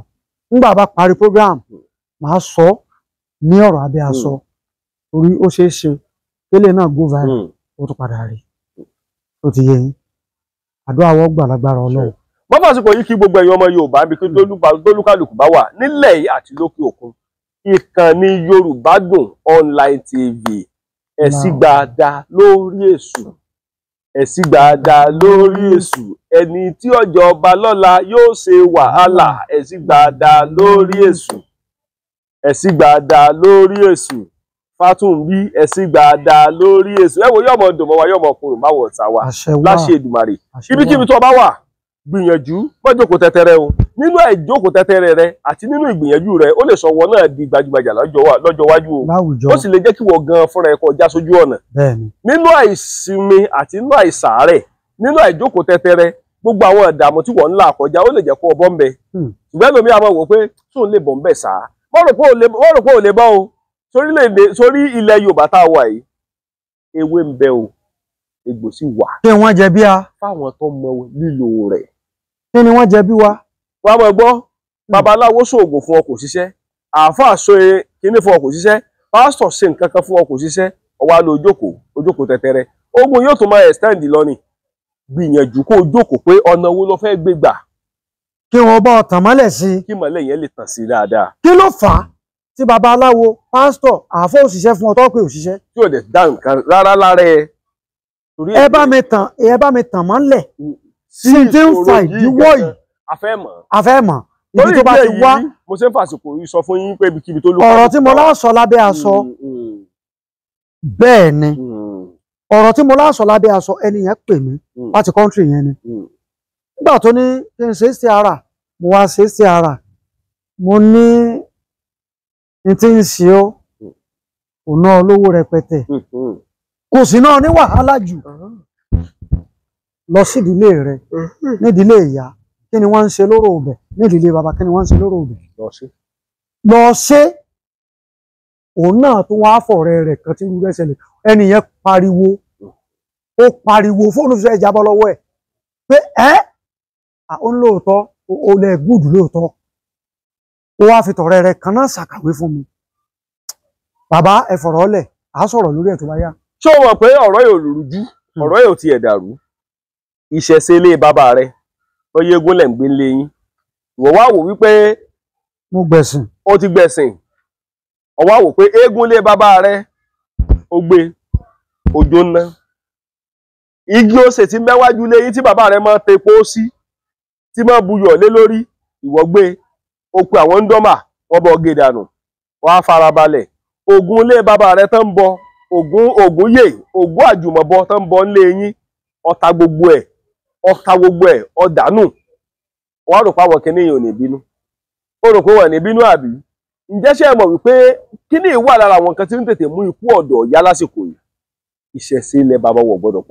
ńgbà bá parí prógráàmù màá sọ ní ọ̀rọ̀ abẹ́ aṣọ torí ó ṣeé ṣe tẹ́lẹ̀ náà go viral ó tún padà rí ti yẹ yín bọ́bá àsìkò yìí kí gbogbo ẹ̀yin ọmọ Yorùbá bí kí tólúkálùkù bá wà nílẹ̀ yìí àti lókè òkun ìkànnì Yorùbá Dùn online tv ẹ̀sì gbàdá lórí èṣù ẹ̀sì gbàdá lórí èṣù ẹni tí ọjọ́ ọba lọ́la yóò ṣe wàhálà ẹ̀sì gbàdá lórí èṣù ẹ̀sì gbàdá lórí èṣù fátúnbí ẹ̀sìn gbàdá lórí èso ẹ wo yọmọ dùnmọ wa yọmọ ọkùnrin máwọ ọta wa láṣẹ Èdùmàrè ibikíbi tó bá wà gbìyànjú mọ́jòkó tẹ́tẹ́rẹ́ o nínú àìjókòó tẹ́tẹ́rẹ́ rẹ àti nínú ìgbìyànjú rẹ ó lè sọ̀wọ́ náà di gbajúgbajà lọ́jọ́ iwájú o ó sì lè jẹ́ kí wọ́n gan fúnra ẹ̀ kọjá sójú ọ̀nà nínú àìsinmi àti nínú àìsàárẹ̀ nínú àìjókòó tẹ́tẹ́rẹ́ gbogbo àwọn ìdààmú tí wọ́n ń là kọjá ó lè jẹ́ kó ọbọ̀ ń bẹ hmm. ṣùgbọ́n lómi àmọ́ wò pé tóun lè bọ̀ ń bẹ̀ sá wọ́n rò pé ò lè bọ́ o sórí ilẹ̀ Yorùbá tá a wà yìí ewé ń bẹ o egbò sì wà. ṣé wọ́n jẹ bíà. fáwọn tó mọ lílo rẹ̀ kí ni wọ́n jẹ bí wa. wàá mọ̀ gbọ́ babaláwo ṣoògùn fún ọ kò ṣiṣẹ́ àáfàá ṣe kínní fún ọ kò ṣiṣẹ́ pásítọ̀ ṣe nǹkan kan fún ọ kò ṣiṣẹ́ ọwọ́ àlọ́ ojókòó ojókòó tẹ̀tẹ̀rẹ̀ ogun yóò tún máa extend lọ ni gbìyànjú kó o jókòó pé ọ̀nà wo ló fẹ́ gbé gbà. kí wọn bá ọ tàn mọ́lẹ̀ sí i. kí mọ́lẹ̀ yẹn lè tàn sí i dáadáa. kí ló fà á tí babaláwo pásítọ̀ àáfọ̀ òṣìṣẹ́ fún ọtọ́ pé òṣìṣẹ́. tí ò lè dá nǹkan rárá lára ẹ. ẹ bá mi tàn ẹ bá mi tàn mọ́lẹ̀ mm sí ti ń fa ìdíwọ́ yìí àfẹ́mọ̀ ibi tó bá ti wá mo ṣe ń fàsìkò yìí sọ fún yín pé ibikíbi tó lókọ́ mm, mm. mm. ọ̀rọ̀ tí mo láṣọ lábẹ́ aṣọ bẹ́ẹ̀ ni ọ̀rọ̀ tí mo láṣọ lábẹ́ aṣọ ẹni yẹn pè mí láti kọ́ńtì yẹn ni nígbà tó ní kí n ṣe é sí ara mo wá ṣe é sí ara mo ní n ti ń ṣe ó òun náà lówó rẹpẹtẹ kò sí náà ní wàhálà jù ah lọ sídìílé rẹ mhm. nídìílé ìyá kí ni wọ́n ń ṣe lóró ọbẹ̀ nídìílé bàbá kí ni wọ́n ń ṣe lóró ọbẹ̀. lọ ṣe òun náà tó wọ́n á fọ̀rẹ́ rẹ̀ kan tí irú rẹ̀ ṣẹlẹ̀ ẹni yẹn pariwo ó pariwo fóònù fẹ́ jábọ́ lọ́wọ́ ẹ̀ pé ẹ́ òun lóòótọ́ ó lẹ gùdù lóòótọ́ ó wá fi tọ̀rẹ́ rẹ̀ kan náà ṣàkàwé fún mi bàbá ẹ fọ̀rọ̀ ọlẹ̀ à á sọ̀rọ̀ lórí ẹ̀ tó bá yá. ṣé o mọ̀ pé ọ̀rọ̀ yóò lùrù jù hmm. ọ̀rọ̀ yóò tiẹ̀ dàrú ìṣẹ̀ṣe ilé bàbá rẹ oyè egun lẹ̀ ń gbé lé yín wọ́n wá wò wípé mo gbẹ̀sìn ó ti gbẹ̀sìn ó wá wò pé eégún ilé bàbá rẹ ó gbé òjò ná igi ose ti mẹ́wájú lé yín tí bàbá rẹ máa tepo sí tí máa buyọ̀ lé lórí ìwọ gbé o pe àwọn ń dọ́mà wọ́n bọ̀ gé dànù wọ́n á farabalẹ̀ ògùn ilé bàbá rẹ tán ń bọ ògùn ògùn yè ògùn àjùmọ̀bọ tán bọ nílé yín ọ̀tá gbogbo ẹ̀ ọta gbogbo ẹ̀ ọ̀dànù wọ́n rò pé àwọn kinní yìí ò ní bínú ó rò pé wọ́n ní bínú àbí ǹjẹ́ ṣe mọ̀ wípé yìí wà lára àwọn tí ń tètè mú ikú ọ̀dọ̀ yá lásìkò yìí ìṣẹ̀ṣe ilẹ̀ bàbá wọ̀ gbọ́dọ̀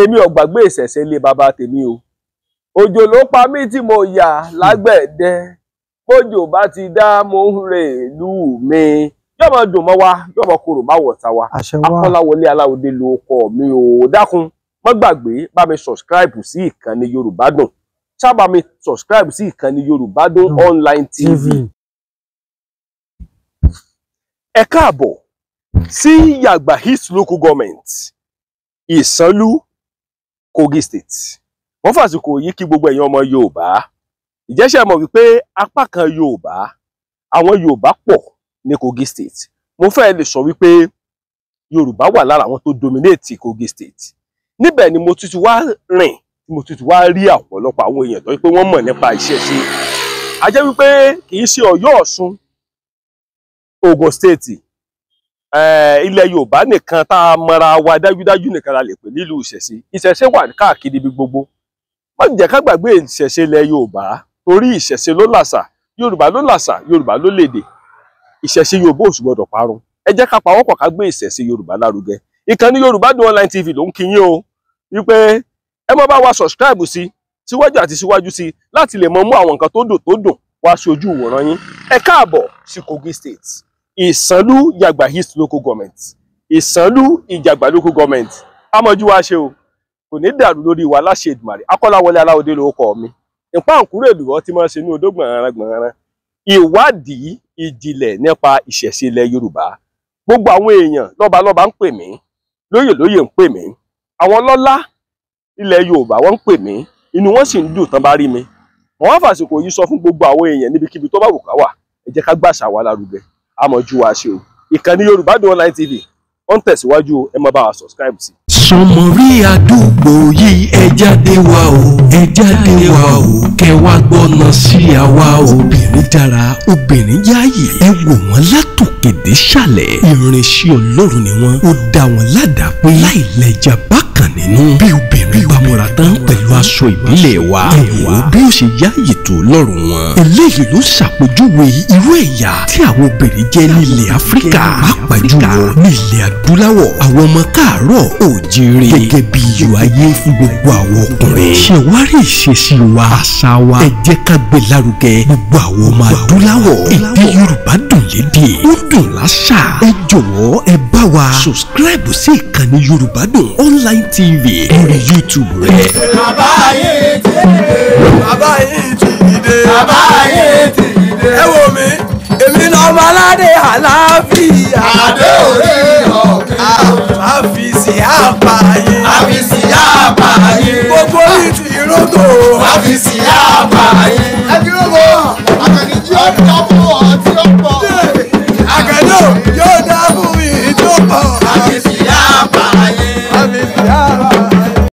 èmi ò gbàgbé ilé bàbá tèmi o òjò ló pa mí tí mo bá ti dá mo ń má gbàgbé bá mi subscribe sí ìkànnì Yorùbá Dùn sábà mi subscribe sí ìkànnì Yorùbá Dùn online tv. ẹ káàbọ̀ sí Yàgbà East local government Ìsanlú Kogi state wọ́n fàsìkò yìí kí gbogbo èèyàn ọmọ Yorùbá ìjẹ́sẹ̀ mọ̀ wípé apá kan Yorùbá àwọn Yorùbá pọ̀ ní Kogi state mo fẹ́ lè sọ wípé Yorùbá wà lára àwọn tó dominate Kogi state níbẹ̀ ni mo tuntun wá rìn tí mo tuntun wá rí ọ̀pọ̀lọpọ̀ àwọn èèyàn tó pé wọ́n mọ̀ nípa ìṣẹ̀ṣe a jẹ́ wípé kì í ṣe Ọ̀yọ́ Ọ̀ṣun Ògùn stéètì ilẹ̀ Yorùbá nìkan tá a mọra wa dájúdájú nìkan la lè pè nílùú ìṣẹ̀ṣe ìṣẹ̀ṣe wà káàkiri ibi gbogbo má jẹ́ ká gbàgbé ìṣẹ̀ṣe ilẹ̀ Yorùbá torí ìṣẹ̀ṣe ló làṣà Yorùbá ló làṣà Yorùbá ló lédè ìṣẹ̀ṣe Yorùbá ò sì gbọdọ̀ parun ẹ jẹ́ ká pawọ́pọ̀ ká gbé ìṣẹ̀ṣe Yorùbá lárugẹ ìkànnì Yorùbá Dùn Online TV ló ń kí yín o wípé ẹ mọ bá wa subscribe sí síwájú àti síwájú sí láti lè mọ mú àwọn nǹkan tó dùn tó dùn wá sí ojú ìwòran yín ẹ káàbọ̀ sí Kogi State Ìsànlú Ìjàgbá East Local Government Ìsànlú Ìjàgbá Local Government amọ̀jú wa ṣe o kò ní dàrú lórí wa láṣẹ Èdùmàrè Akọ́láwọlé Aláwọ̀dé lórúkọ mi ìpá òǹkúrò èlùbọ́ tí wọ́n ṣe ní odó gbọ̀nràn gbọ̀nràn ìwádìí ìjìnlẹ̀ nípa ìṣẹ̀ṣe ilẹ̀ Yorùbá gbogbo àwọn èèyàn lọ́balọ́ba ń pè mí lóyè lóyè ń pè mí àwọn lọ́lá ilẹ̀ yorùbá wọ́n ń pè mí inú wọn sì ń dùn tán bá rí mi wọn wá fàsìkò yìí sọ fún gbogbo àwọn èèyàn níbikíbi tó bá wù ká wà ẹ jẹ́ ká gbàṣà wa lárugẹ àmọ́ ju wa ṣe o ìkànnì yorùbá dùn online tv ó ń tẹ̀síwájú ẹ máa bá wa subscribe sí. sọmọrí àdúgbò yìí ẹ jáde wá o ẹ jáde wá o kẹ wá gbọ́nà sí àwa obìnrin dára obìnrin yáàyè ẹ wò wọ́n látòkèdè ṣàlẹ̀ ìrìnsí ọlọ́run ni wọ́n ó dá wọn ládàá pé láìlẹ́jà bá nínú. bí obìnrin bá múra tán pẹ̀lú aṣọ ìbílẹ̀ wa. ẹ̀wọ̀ bí ó ṣe yá ètò lọ́rùn wọn. eléyìí ló ṣàpèjúwe irú ẹ̀yà tí àwọn obìnrin jẹ́ nílẹ̀ áfíríkà pàápàá jùlọ nílẹ̀ adúláwọ̀ àwọn ọmọ káàárọ̀ oòjíire gẹ́gẹ́ bí iyọ̀ ayé fún gbogbo àwọn ọkùnrin. ṣé wá rí ìṣesí wa àṣà wa ẹ jẹ́ ká gbé lárugẹ gbogbo àwọn ọmọ adúláwọ̀ èdè subscribe sí ìkànnì Yorùbá Dùn online tv tv lórí youtube rẹ. bàbá ayé ti dé bàbá ayé ti dé bàbá ayé ti dé. ẹ wo mi èmi náà ọmọ aládé àlàáfíà. àdé òde ọ̀gbìn. àfìsí àbáyé. àfìsí àbáyé. gbogbo yìí ti ìrótò. àfìsí àbáyé. ẹ dúró bọ̀ àkàndé tí ó dá fún ọ tí ó pọ̀. àkàndé yóò dá fún ìjọba. àfìsí